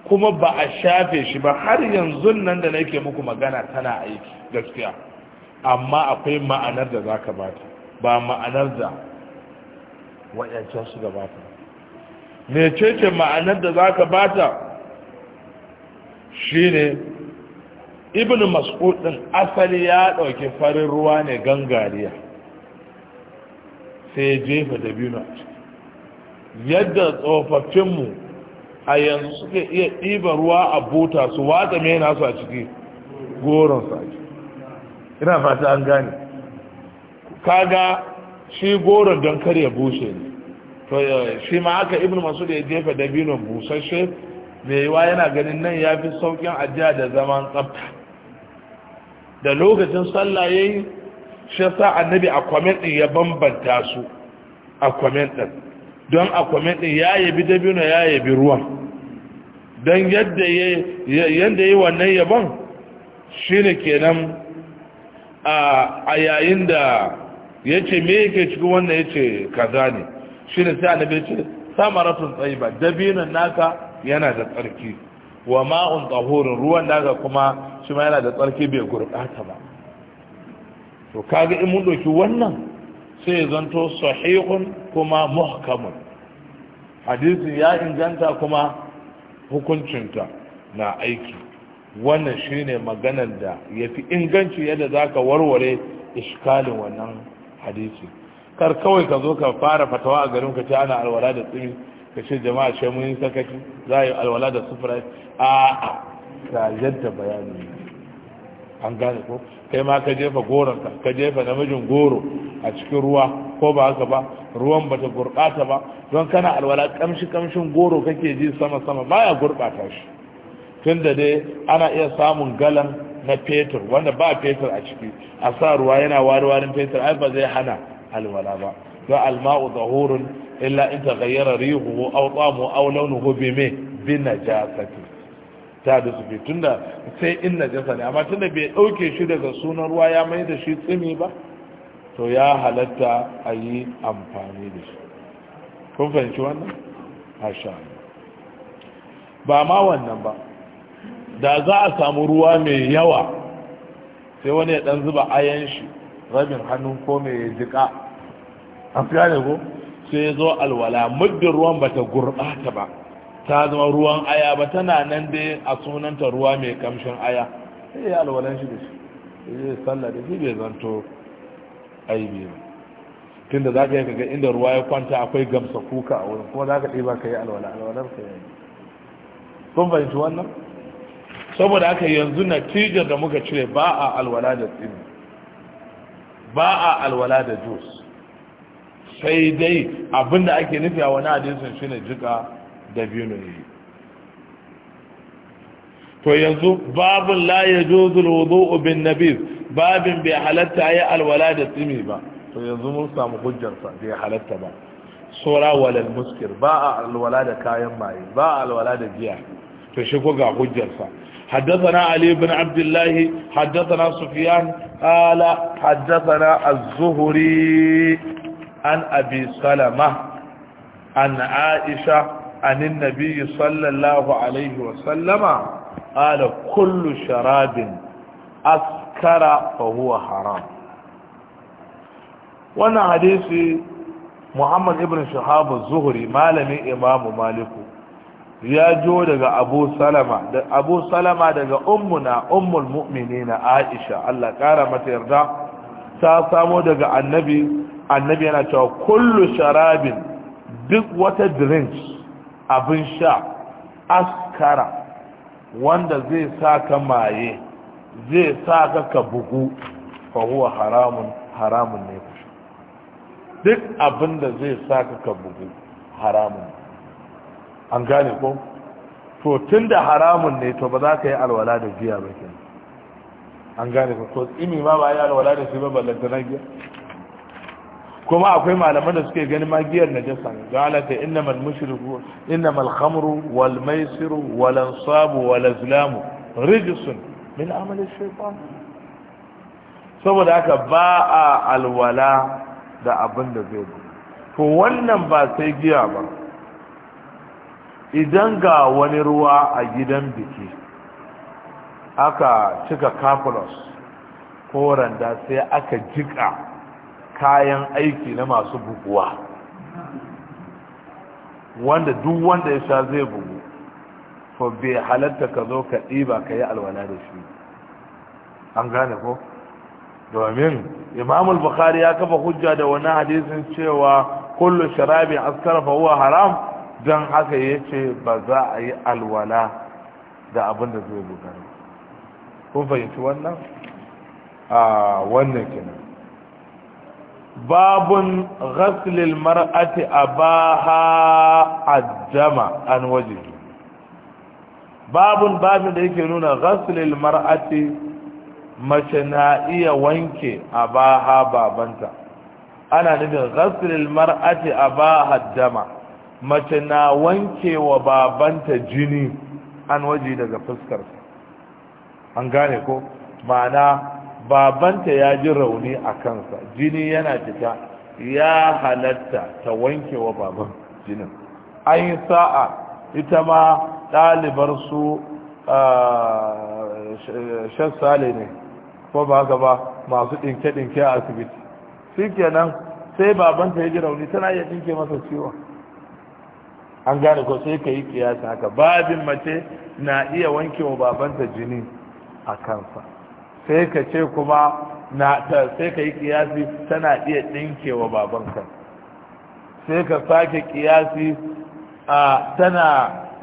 kuma ba a shafe shi ba har yanzu nan da nake muku magana tana aiki gaskiya amma akwai ma'anar da za ka bata ba ma'anar da waɗancan su gabata mecece ma'anar da za ka bata shi ne ibn mas'ud ɗin asali ya ɗauki farin ruwa ne gangariya sai jefa da biyu yadda tsofaffinmu a yanzu suke iya ɗiba ruwa a buta su watsa mena su a ciki goron sa ina fata an gane kaga shi goron don kar ya bushe ne to eh, shi ma haka ibnu masud ya jefa dabinon busasshe mai yiwa yana ganin nan ya fi saukin ajiya da zaman tsafta da lokacin sallah ya yi shi sa annabi a kwamen ɗin ya bambanta su a kwamen ɗin, don a kwamen ɗin ya yabi dabino ya yabi ruwan don yadda yadda yi wannan yabon shi ne kenan a yayin da ya ce me yake cikin wannan ya ce kaza ne shi ne sai annabi ce samaratun tsayiba dabinan naka yana da tsarki wa ma'un tsahorin ruwan naka kuma shi ma yana da tsarki bai gurɓata ba to kaga in mun ɗauki wannan sai zanto sahihun kuma muhkamun hadisi ya inganta kuma hukuncinta na aiki wannan shine maganar da yafi inganci yadda za ka warware iskalin wannan hadisi kar kawai ka zo ka fara fatawa a garin ka ce ana alwala da tsimi ka ce jama'a ce mun sakaci za a yi alwala da sufura a a ka yadda bayani an gane ko kai ma ka jefa goronka ka jefa namijin goro a cikin ruwa ko ba haka ba ruwan ta gurɓata ba don kana alwala kamshi kamshin goro kake ji sama sama baya gurɓata shi tunda dai ana iya samun galan na fetur wanda ba fetur a ciki a sa ruwa yana wari-warin fetur ai ba zai hana alwala ba don alma'u zahurun illa in ta gayyara rihu au tsamu au launuhu bin me bi ta da su fi tunda sai in najasa ne amma tunda bai dauke shi daga sunan ruwa ya mai da shi tsimi ba to ya halatta a yi amfani da shi kun fahimci wannan? ba ma wannan ba da za a samu ruwa mai yawa sai wani ya dan zuba ayan shi rabin hannu ko mai jika an fiya ne ko sai ya zo alwala muddin ruwan ba ta gurɓata ba ta zama ruwan aya ba tana nan dai a sunanta ruwa mai kamshin aya sai ya alwalan shi da shi zai salla da shi bai zanto aibi ba tun da za ka yi kaga inda ruwa ya kwanta akwai gamsa kuka a wurin kuma za ka ɗiba ka yi alwala alwalar ka yi kun fahimci wannan saboda haka yanzu natijar da muka cire ba a alwala da tsini ba a alwala da jos sai dai abinda ake nufi a wani shi ne jika da biyu ne to yanzu babin laye jozul wuzo ubin bin babin bai halatta ya alwala da tsimi ba to yanzu mun samu hujjarsa bai halatta ba sora walal muskir ba a alwala da kayan maye ba a alwala da jiya. to shi ko ga hujjarsa حدثنا علي بن عبد الله حدثنا سفيان قال حدثنا الزهري عن أبي سلمة عن عائشة عن النبي صلى الله عليه وسلم قال كل شراب أسكر فهو حرام وانا حديثي محمد ابن شهاب الزهري مالمي إمام مالك ya jo daga abu salama da abu salama daga ummuna ummul aisha Allah kara mata yarda ta samo daga annabi annabi yana cewa kullu sharabin duk wata drinks abin sha askara wanda zai sa ka maye zai sa ka ka bugu fa huwa haramun haramun ne duk abin da zai sa ka ka bugu haramun an gane ko to tun da haramun ne to ba za ka yi alwala da giya ba ke an gane ko to imi ma ba yi alwala da shi ba ballanta na giya kuma akwai malaman da suke ganin ma giyar najasa ne ga alaka innamal mushriku innamal khamru wal maisiru wal ansabu wal azlamu rijsun min amali shaytan saboda haka ba a alwala da abin da zai to wannan ba sai giya ba idan ga wani ruwa a gidan biki aka cika kafulos ko randa sai aka jika kayan aiki na masu buguwa wanda duk wanda ya sha zai bugu to bai halatta ka zo ka ɗiba ka yi alwala da shi an gane ko domin imamul bukhari ya kafa hujja da wani hadisin cewa kullu sharabin askar fa haram don haka ya ce ba za a yi alwala da abin da zai gudana kun fahimci wannan a wannan kenan babun ghaslil mar'ati abaha ajjama an waje babun babin da yake nuna ghaslil mar'ati mace na iya wanke a abaha babanta ana nufin ghaslil mar'ati abaha ajjama mace na wanke wa babanta jini an waje daga fuskarsa an gane ko ma'ana babanta ya ji rauni a kansa jini yana fita ya halatta ta wankewa wa baban jinin an yi sa'a ita ma ɗalibar su shassale ne ko ba haka ba masu ɗinke-ɗinke a asibiti shi kenan sai babanta ya ji rauni tana iya ɗinke masa ciwon an gane ko sai ka yi kiyasa haka babin mace na iya wanke wa babanta jini a kansa sai ka ce kuma na ta sai ka yi kiyasi tana iya ɗinke wa babanka sai ka sake kiyasi a tana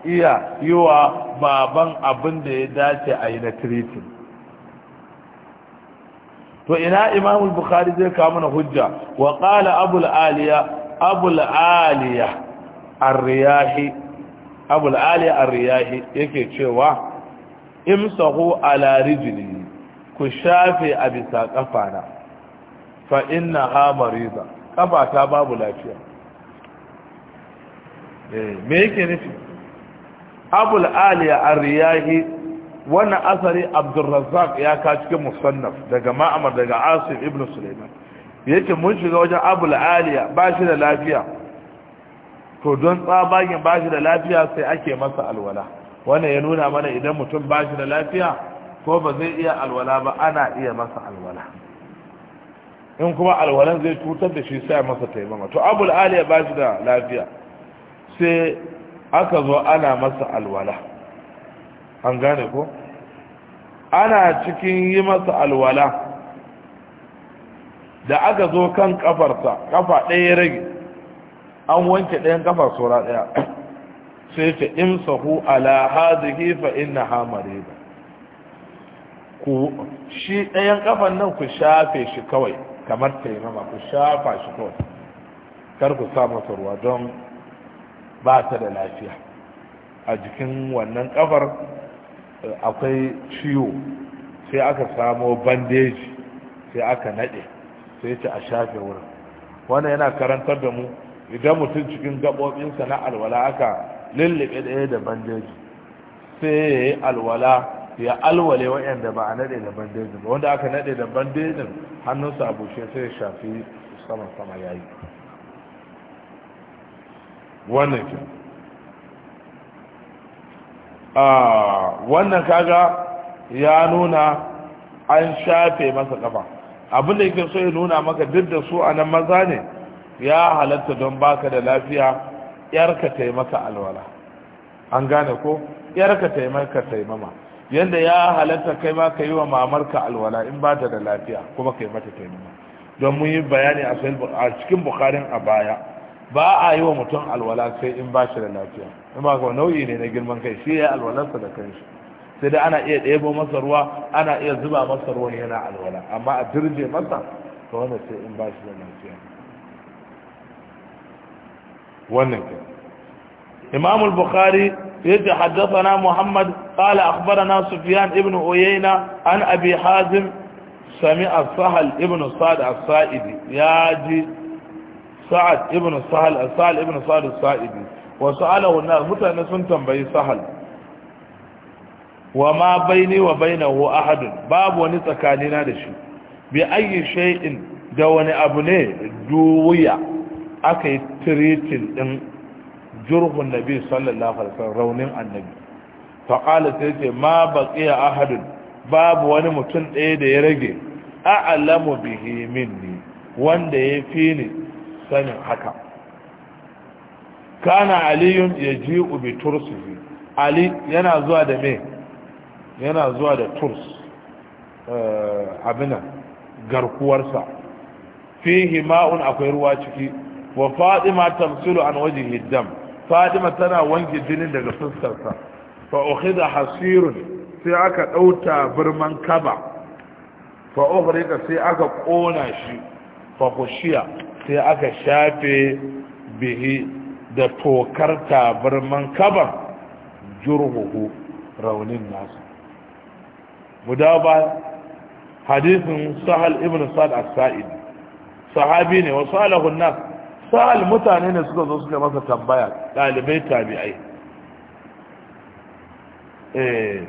iya yi wa baban abin da ya dace a yi na tiritin to ina imamul bukhari zai kawo mana hujja wa qala abul aliya abul aliya arriyahi abul arriyahi cewa imsahu ala rijli ku shafe a bisa kafana fa innaha mariza ya ka cikin mun shiga wajen ba shi da lafiya to don tsabagen bashi da lafiya sai ake masa alwala wannan ya nuna mana idan mutum ba shi da lafiya ko ba zai iya alwala ba ana iya masa alwala in kuma alwalan zai cutar da shi sai masa taimaka, to abul ali ya ba shi da lafiya sai aka zo ana masa alwala an gane ko ana cikin yi masa alwala da aka zo kan kafarsa kafa ɗaya rage an wanke ɗayan kafar saura ɗaya sai ta sahu ala hadhihi fa innaha marida ku shi ɗayan kafan nan ku shafe shi kawai kamar taimama ku shafa shi kawai kar ku sa masa ruwa don ba ta da lafiya a jikin wannan kafar eh, akwai ciwo sai aka samo bandeji sai aka naɗe sai ta a shafe wurin wannan yana karantar da mu idan mutum cikin gaɓoɓinsa na alwala aka lullube ɗaya da bandeji sai ya yi alwala ya alwale wa'yanda ba a naɗe da bandejin ba wanda aka naɗe da bandejin hannunsa a bushe sai ya shafi saman sama ya yi wannan ke wannan kaga ya nuna an shafe masa kafa abinda yake so ya nuna maka duk da su a nan maza ne ya halatta don baka da lafiya yarka taimaka alwala an gane ko yarka taimaka taimama yadda ya halatta kai ma ka yi wa mamarka alwala in ba ta da lafiya kuma ka yi mata taimama don mun yi bayani a cikin bukarin a baya ba a yi wa mutum alwala sai in ba shi da lafiya in ba ka nau'i ne na girman kai shi ya alwalarsa da kanshi sai dai ana iya ɗebo masa ruwa ana iya zuba masa ruwan yana alwala amma a dirje masa to wannan sai in ba shi da lafiya wannan ke imam al-bukhari yace haddathana muhammad qala akhbarana sufyan ibn uyayna an abi hazim sami'a sahal ibn sa'd as-sa'idi yaji ibn sahal as ibn sa'd as-sa'idi wa sa'alahu mutane sun tambayi sahal wa ma baini wa bainahu ahadun babu wani tsakanina da shi bi shay'in da wani abu ne duwiya aka yi tiritin ɗin jurhun nabi sallallahu alaihi wasallam raunin annabi fa qala sai ce ma baqiya ahadun babu wani mutum ɗaya da ya rage a'lamu bihi minni wanda ya fi ni sanin haka kana aliyun yaji'u bi tursi ali yana zuwa da me yana zuwa da turs eh, abinan garkuwarsa fihi ma'un akwai ruwa ciki wa fatima tamsulu an wajhi dam fatima tana wanke jinin daga fuskarsa fa ukhidha hasirun sai aka dauta birman kaba fa ukhriqa sai aka kona shi fa khushiya sai aka shafe bihi da tokar tabarman kaban jurhuhu raunin nasu mu dawo ba hadisin sahal ibn sa'ad as-sa'id sahabi ne wasu alahun nasu sa'al mutane ne suka zo suka masa tambaya ɗalibai tabi'ai eh,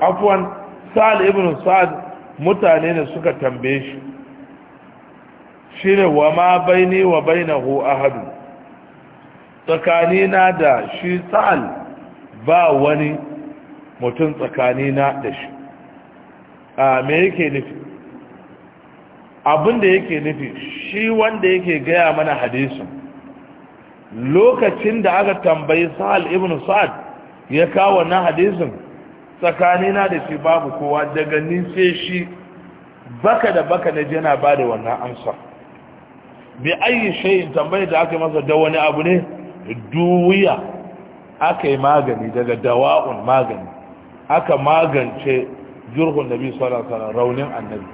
afwan sa'al ibn sa'ad mutane ne suka tambaye shi Shi ne wa ma bai ne wa bai na a ahadu tsakanina da shi sa'al ba wani mutum tsakanina da shi a me yake nufi abin da yake nufi shi wanda yake gaya mana hadisin lokacin da aka tambayi sahal ibn sa'ad ya kawo na hadisin tsakanina da shi babu kowa daga ni sai shi baka da baka na jana ba da wannan amsa bi ayi shayin tambayi da aka masa da wani abu ne duwiya aka yi magani daga dawa'un magani aka magance jurhun nabi sallallahu alaihi wasallam raunin annabi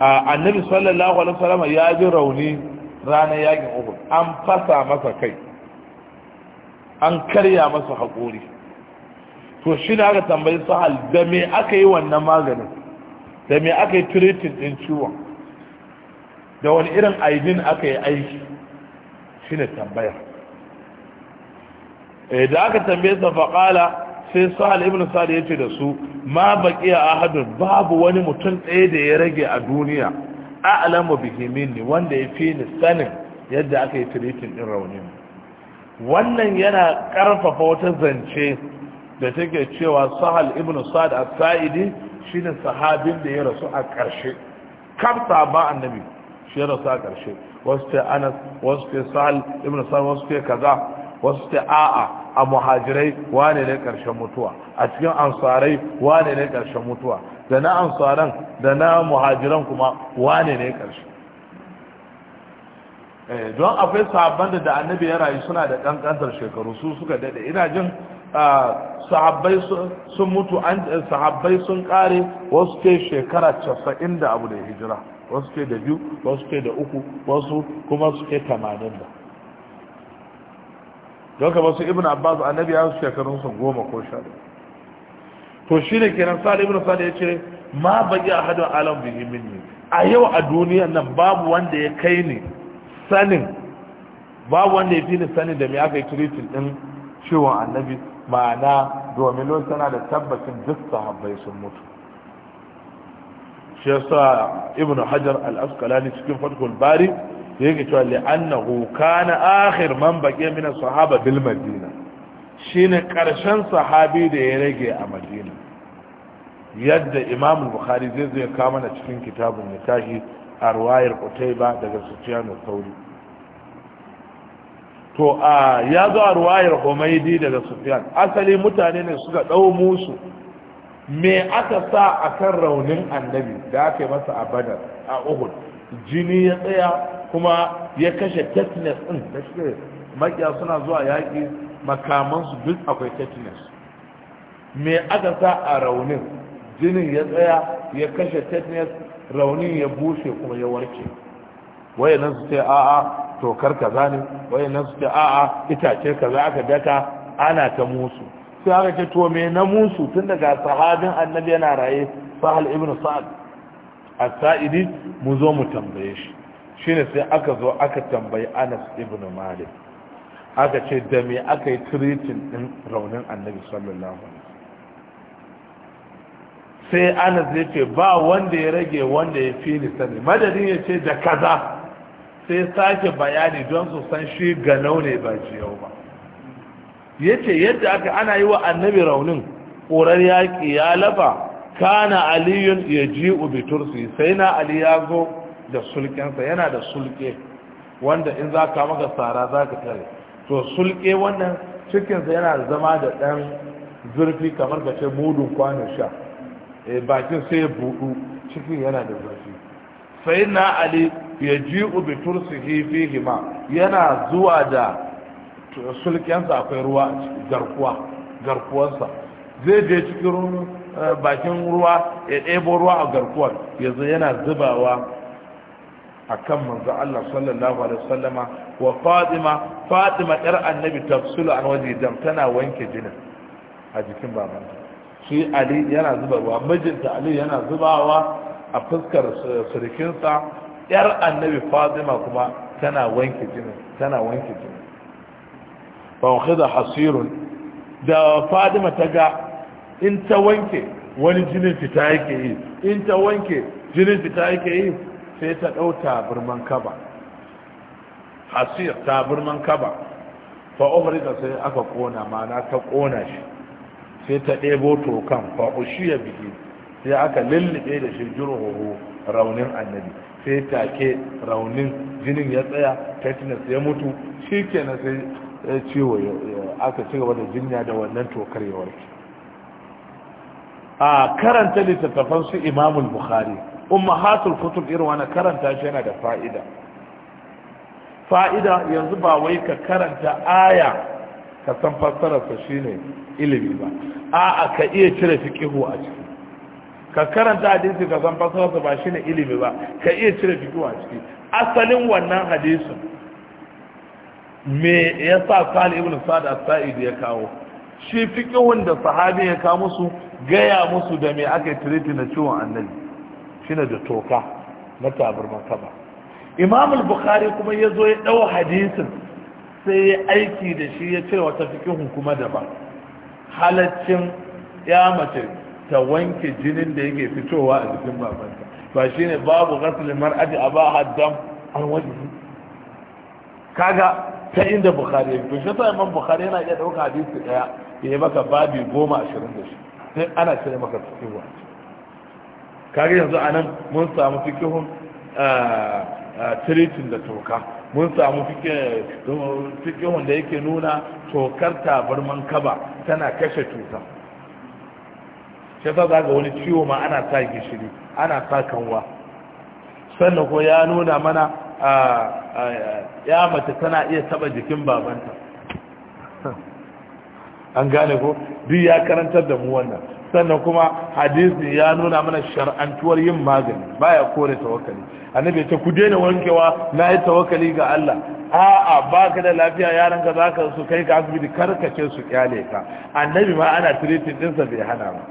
annabi sallallahu alaihi wasallam ya ji rauni ranar yakin uhud an fasa masa kai an karya masa haƙori to shi da aka tambayi sahal da me aka yi wannan maganin da me aka yi treating din ciwon da wani irin aidin aka yi aiki shi ne tambaya eh, da aka tambaye sa faƙala sai sa'al ibn sa'ad ya ce da su ma a ahadun babu wani mutum ɗaya da ya rage a duniya a'lamu bihi minni wanda ya fi ni sanin yadda aka yi tiritin ɗin rauni wannan yana ƙarfafa wata zance da take cewa sahal ibn sa'ad a saidi ne sahabin da ya rasu a ƙarshe kamta ba annabi shi ya rasu a ƙarshe wasu ce anas wasu ce sahal ibn sa'ad wasu ce kaza wasu a'a a muhajirai wane ne karshen mutuwa a cikin ansarai wane ne karshen mutuwa da na ansaran da na muhajiran kuma wane ne karshe eh, don akwai sahabban da annabi ya rayu suna da kankantar shekaru su suka dade ina jin sahabbai sun mutu an sahabbai sun kare wasu ke shekara 90 da abu da hijira wasu ke da biyu wasu ke da uku wasu kuma su ke 80 da don kamar su ibn abbas annabi ya su shekarun su goma ko sha to shi ne kenan sa'ad ibn sa'ad ya ce ma bagi ahadun alam bihi minni a yau a duniya nan babu wanda ya kai ni sanin babu wanda ya fi ni sanin da me aka yi kiristin din ciwon annabi ma'ana domin lokacin tana da tabbacin duk sahabbai sun mutu shi yasa ibn hajar al-asqalani cikin fathul bari da yake cewa li'annahu kana akhir man baqiya min sahaba bil madina shine karshen sahabi da ya rage a madina yadda imam bukhari zai zai kawo mana cikin kitabun nikahi a ruwayar qutayba daga sufyan sauri to a ya zo a ruwayar humaydi daga Sufiyan asali mutane ne suka dau musu me aka sa akan raunin annabi da aka yi masa a badar a uhud jini ya tsaya kuma ya kashe tetanus din da shi makiya suna zuwa yaƙi makamansu duk akwai tetanus me aka sa a raunin jinin ya tsaya ya kashe tetanus raunin ya bushe kuma ya warke waye nan su ce a'a tokar kaza ne waye nan su ce a'a itace kaza aka daka ana ta musu sai aka ce to me na musu tun daga sahabin annabi yana raye sahal ibn sa'ad as-sa'idi mu zo mu tambaye shi shine sai aka zo aka tambayi anas ibn malik aka ce da me aka yi tiritin din raunin annabi sallallahu alaihi sai anas ya ce ba wanda ya rage wanda ya fi ni sani madadin ya ce da kaza sai sake bayani don su san shi ganau ne ba jiyau ba Yace yadda aka ana yi wa annabi raunin ƙurar yaƙi ya lafa kana aliyun ya ji ubitursi sai na ali ya zo da sulkensa yana da sulke wanda in za ka maka tsara za ka tare to sulke wannan cikinsa yana zama da ɗan zurfi kamar ka ce mudun kwanon sha eh, bakin sai ya buɗu cikin yana da zurfi sai na ali ya ji ubi tursihi fihi ma yana zuwa da sulkensa akwai ruwa garkuwa garkuwarsa zai je cikin eh, bakin ruwa ya ɗebo ruwa a garkuwar yanzu yana zubawa akan manzo Allah sallallahu alaihi wasallama wa Fatima Fatima yar annabi tafsulu an waje dam tana wanke jinin a jikin babanta shi Ali yana zubarwa mijinta Ali yana zubawa a fuskar surukinsa yar annabi Fatima kuma tana wanke jinin tana wanke jinin fa ukhidha hasirun da Fatima ta ga in ta wanke wani jinin fita yake yi in ta wanke jinin fita yake yi sai ta ɗau taburman kaba hasir taburman kaba fa ofrika sai aka kona mana ta kona shi sai ta ɗebo tokan fa ushiya biki sai aka lullube da shi hoho, raunin annabi sai take raunin jinin ya tsaya tetanus ya mutu shi na sai ciwo aka ci gaba da jinya da wannan tokar ya warke a karanta littattafan su imamul bukhari ummahatul kutub irin wani karanta shi yana da fa'ida fa'ida yanzu ba wai ka karanta aya ka san fassararsa shine ilimi ba a'a ka iya cire fiqihu a ciki ka karanta hadisi ka san fassararsa ba shine ilimi ba ka iya cire fiqihu a ciki asalin wannan hadisin me yasa Salih ibn Sa'd as-Sa'id ya kawo shi fiqihun da sahabi ya kawo musu gaya musu da me aka yi tiriti na ciwon annabi shine da toka na tabarman kaba imam al-bukhari kuma ya zo ya dau hadisin sai ya aiki da shi ya ce wata fikihun kuma daban halaccin ya mace ta wanke jinin da yake fitowa a jikin babanta ba shine babu ghasl mar'ati aba haddam an wajhi kaga ta inda bukhari ya fito shi ta imam bukhari yana iya dauka hadisi daya ya yi maka babi goma ashirin da shi sai ana cire maka cikin kage yanzu anan mun samu fikihun ah, ah, tiritin da toka mun samu fikihun da yake nuna tokar tabarman kaba tana kashe cuta shi ta za ga wani ciwo ma ana sa gishiri ana sa kanwa sannan ko ya nuna mana ah, ya mace tana iya taba jikin babanta (laughs) an gane ko duk ya karantar da mu wannan sannan kuma hadisi ya nuna mana shar'antuwar yin magani baya kore tawakkali annabi ya ce ku daina wankewa na yi tawakkali ga Allah a'a baka da lafiya yaran ka zaka su kai ka asibiti karkace su kyale ka annabi ma ana treating din sa bai hana ba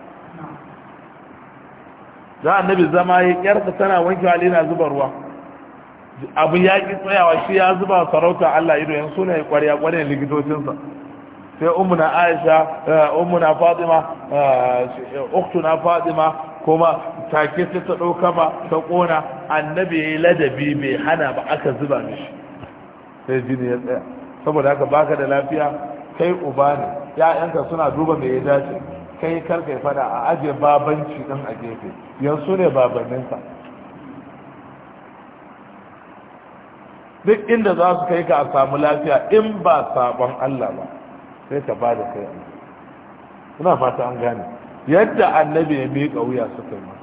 za annabi zama ya yarka tana wankewa lena zuba ruwa abu ya ki tsayawa shi ya zuba sarauta Allah ido yan suna ya kwarya likitocin likitocinsa sai umuna aisha eh, umuna fadima eh, uktuna fatima kuma take sai ta dauka ba ta kona annabi yayi ladabi mai hana ba aka zuba mishi sai jini ya tsaya saboda haka baka da lafiya kai uba ne ya'yanka suna duba me ya dace kai karkai fada a ajiye babanci din a gefe yanzu ne babanninsa duk inda za su kai ka a samu lafiya in ba sabon Allah ba sai ka ba da kai ina fata an gane yadda annabi ya miƙa wuya su kai ma.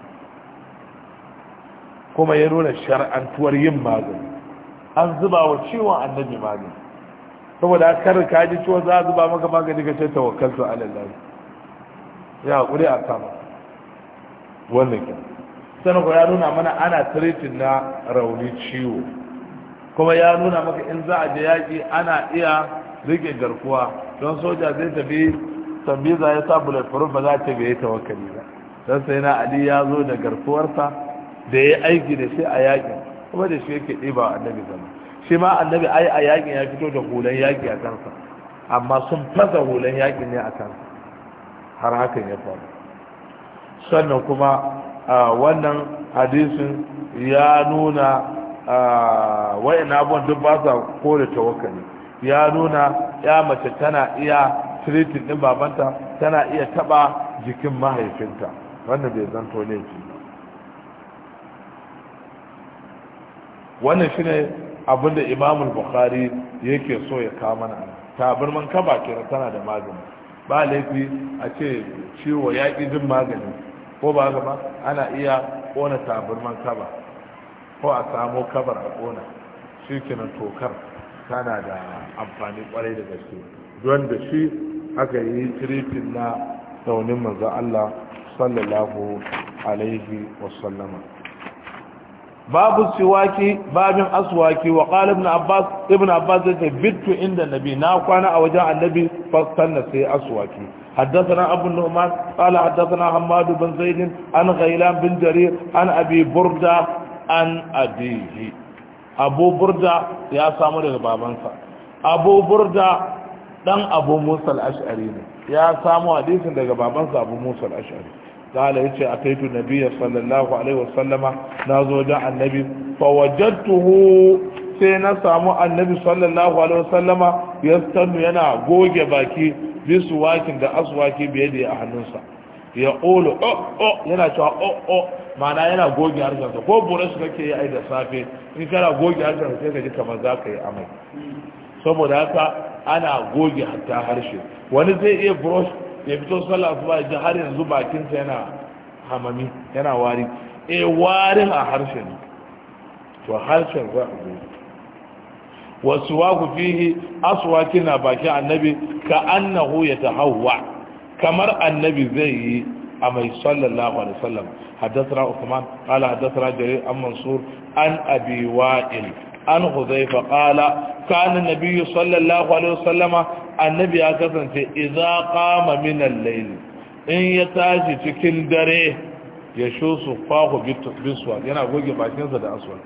kuma ya nuna shar'antuwar yin magani an zuba wa ciwon annabi magani saboda kar ka ji ciwon za a zuba maka magani ka ce tawakkaltu ala Allah ya haƙuri, a kama wannan ke sanin ko ya nuna mana ana tiritin na rauni ciwo kuma ya nuna maka in za a je yaƙi ana iya rike garkuwa don soja zai tafi tambiza ya sa bulletproof ba za ta bai tawakkali ba don sai na ali ya zo da garkuwarsa da ya aiki da shi a yakin kuma da shi yake ɗiba annabi zama shi ma annabi ai a yakin ya fito da hulan yaki a kansa amma sun fasa hulan yakin ne a kansa har hakan ya faru sannan kuma wannan hadisin ya nuna wa'ina abubuwan duk ba sa kore tawakali ya nuna ya mace tana iya tiritin din babanta tana iya taba jikin mahaifinta wanda bai zanto ki wannan shine abin da imamul bukhari yake so ya kama na man kaba kira tana da magani ba laifi a ce ciwo ya ƙi jin magani ko ba gaba ana iya ƙona man kaba ko a samo kabar a ƙona shi kenan tokar tana da amfani kwarai da gaske don da shi aka yi tirifin na saunin manzo Allah sallallahu alaihi wasallama babu siwaki babin aswaki wa qala ibn abbas ibn abbas yace inda nabi na kwana a wajen annabi fastanna sai aswaki حدثنا أبو numan, قال حدثنا حماد بن زيد an غيلان bin جرير an abi burda an أبيه abu burda ya samu daga babansa abu burda dan abu musa al-ash'ari ne ya samu hadisin daga babansa abu musa al-ash'ari qala yace ataitu nabiyya sallallahu alaihi wasallama zo da annabi fa wajadtuhu sai na samu annabi sallallahu alaihi wasallama yastannu yana goge baki bisu wakin da aswaki biye da a hannunsa ya ƙolo o oh, oh, yana cewa o oh, o mana yana goge harshensa ko bore su kake yi ai da safe in kana goge harshensa sai ka ji kamar za ka yi amai saboda haka ana goge hatta harshe wani zai iya brush ya fito sallah su ba ji har yanzu bakinsa yana hamami yana wari e warin a harshen to harshen za a goge wasu waku fihi asuwa na bakin annabi ka annahu ya tahawwa kamar annabi zai yi a mai sallallahu alaihi wasallam haddathana Uthman qala haddathana Jarir an Mansur an Wa'il an Hudhayfa qala kana an sallallahu alaihi wasallama annabi ya kasance idza qama min al-layl in ya tashi cikin dare ya shusu fahu biswa yana goge bakinsa da aswal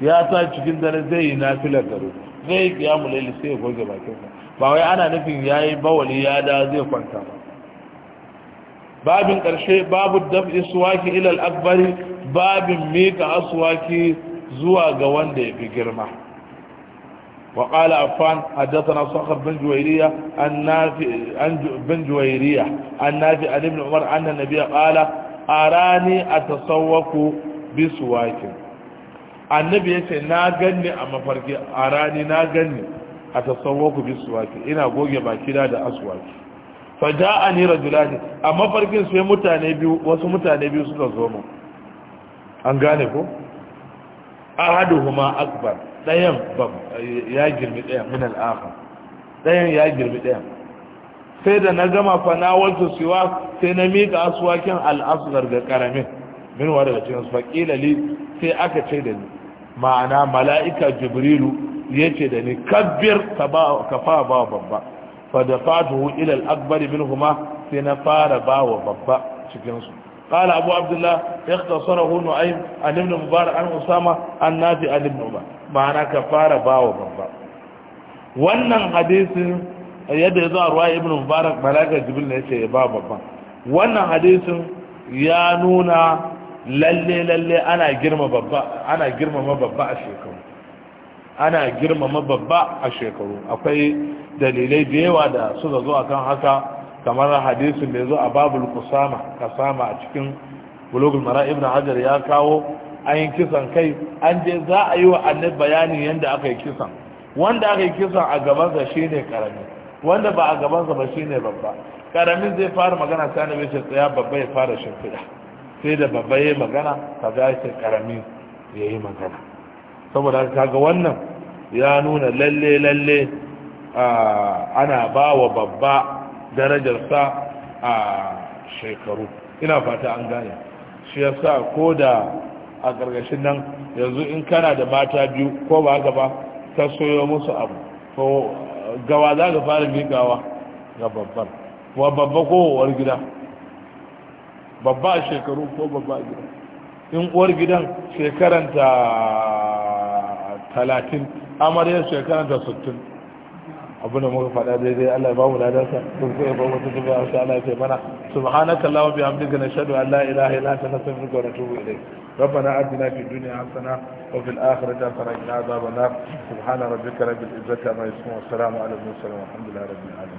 ya ta cikin dare zai yi nafilar dare zai yi kiyamu laili sai ya goge bakinsa ba wai ana nufin yayi bawali ya da zai kwanta ba babin ƙarshe babu dab'i suwaki ilal akbari babin mika asuwaki zuwa ga wanda ya fi girma wa ƙala afan hajjata na sakar bin juwairiya an bin juwairiya an umar an nabiya ƙala a rani a tasawwaku bi annabi ya ce na ganni a mafarki a na ganni a tasawwaku bi suwaki ina goge bakina da asuwaki faja'ani rajulani a mafarkin sai mutane biyu wasu mutane biyu suka zo mu an gane ko ahaduhuma akbar dayan ya girmi dayan min al-akhar dayan ya girmi dayan sai da na gama fanawaltu siwa sai na mika aswakin al-asghar ga karamin min wa daga cikin faqila li sai aka ce da ni ma'ana mala'ika jibrilu yace da ni kabbir kafa ba babba فدفعته إلى الأكبر منهما فنفار باو بابا شكرا قال أبو عبد الله اختصره نعيم عن ابن مبارك عن أسامة عن نافع عن ابن عمر معنى كفار باو بابا wannan hadisin yadda ya zuwa ruwa ibn mubarak malakar jibril ne ce ba babban wannan hadisin ya nuna lalle lalle ana girma ana girmama babba a shekaru ana girmama babba a shekaru akwai dalilai da yawa da suka zo akan haka kamar hadisi da ya a babul kusama kasama a cikin bulogul mara ibn hajar ya kawo an yi kisan kai an je za a yi wa annab bayanin yadda aka yi kisan wanda aka yi kisan a gabansa shine karami wanda ba a gabansa ba shine babba karamin zai fara magana sai annabi ce tsaya babba ya fara shimfiɗa sai da babba ya magana ka ya shi karami ya yi magana saboda kaga wannan ya nuna lalle lalle ana ba wa babba darajarsa a shekaru ina fata an gane shi yasa ko da a ƙarƙashin nan yanzu in kana da mata biyu ko ba gaba ta soyo musu abu to gawa za ka fara miƙawa ga babban wa babba ko uwar gida babba a shekaru ko babba a gida in uwar gidan shekaranta talatin amaryar shekaran ta sittin abin da muka faɗa daidai Allah ya ba mu ladarsa kun kuma ba wata tafiya wasu Allah ya taimana subhanaka Allahumma bihamdika nashhadu na la ilaha illa anta rabba na natubu fi duniya آتنا في الدنيا حسنة وفي الآخرة حسنة وقنا عذاب النار سبحان ربك رب العزة عما يصفون والسلام على المرسلين والحمد لله رب العالمين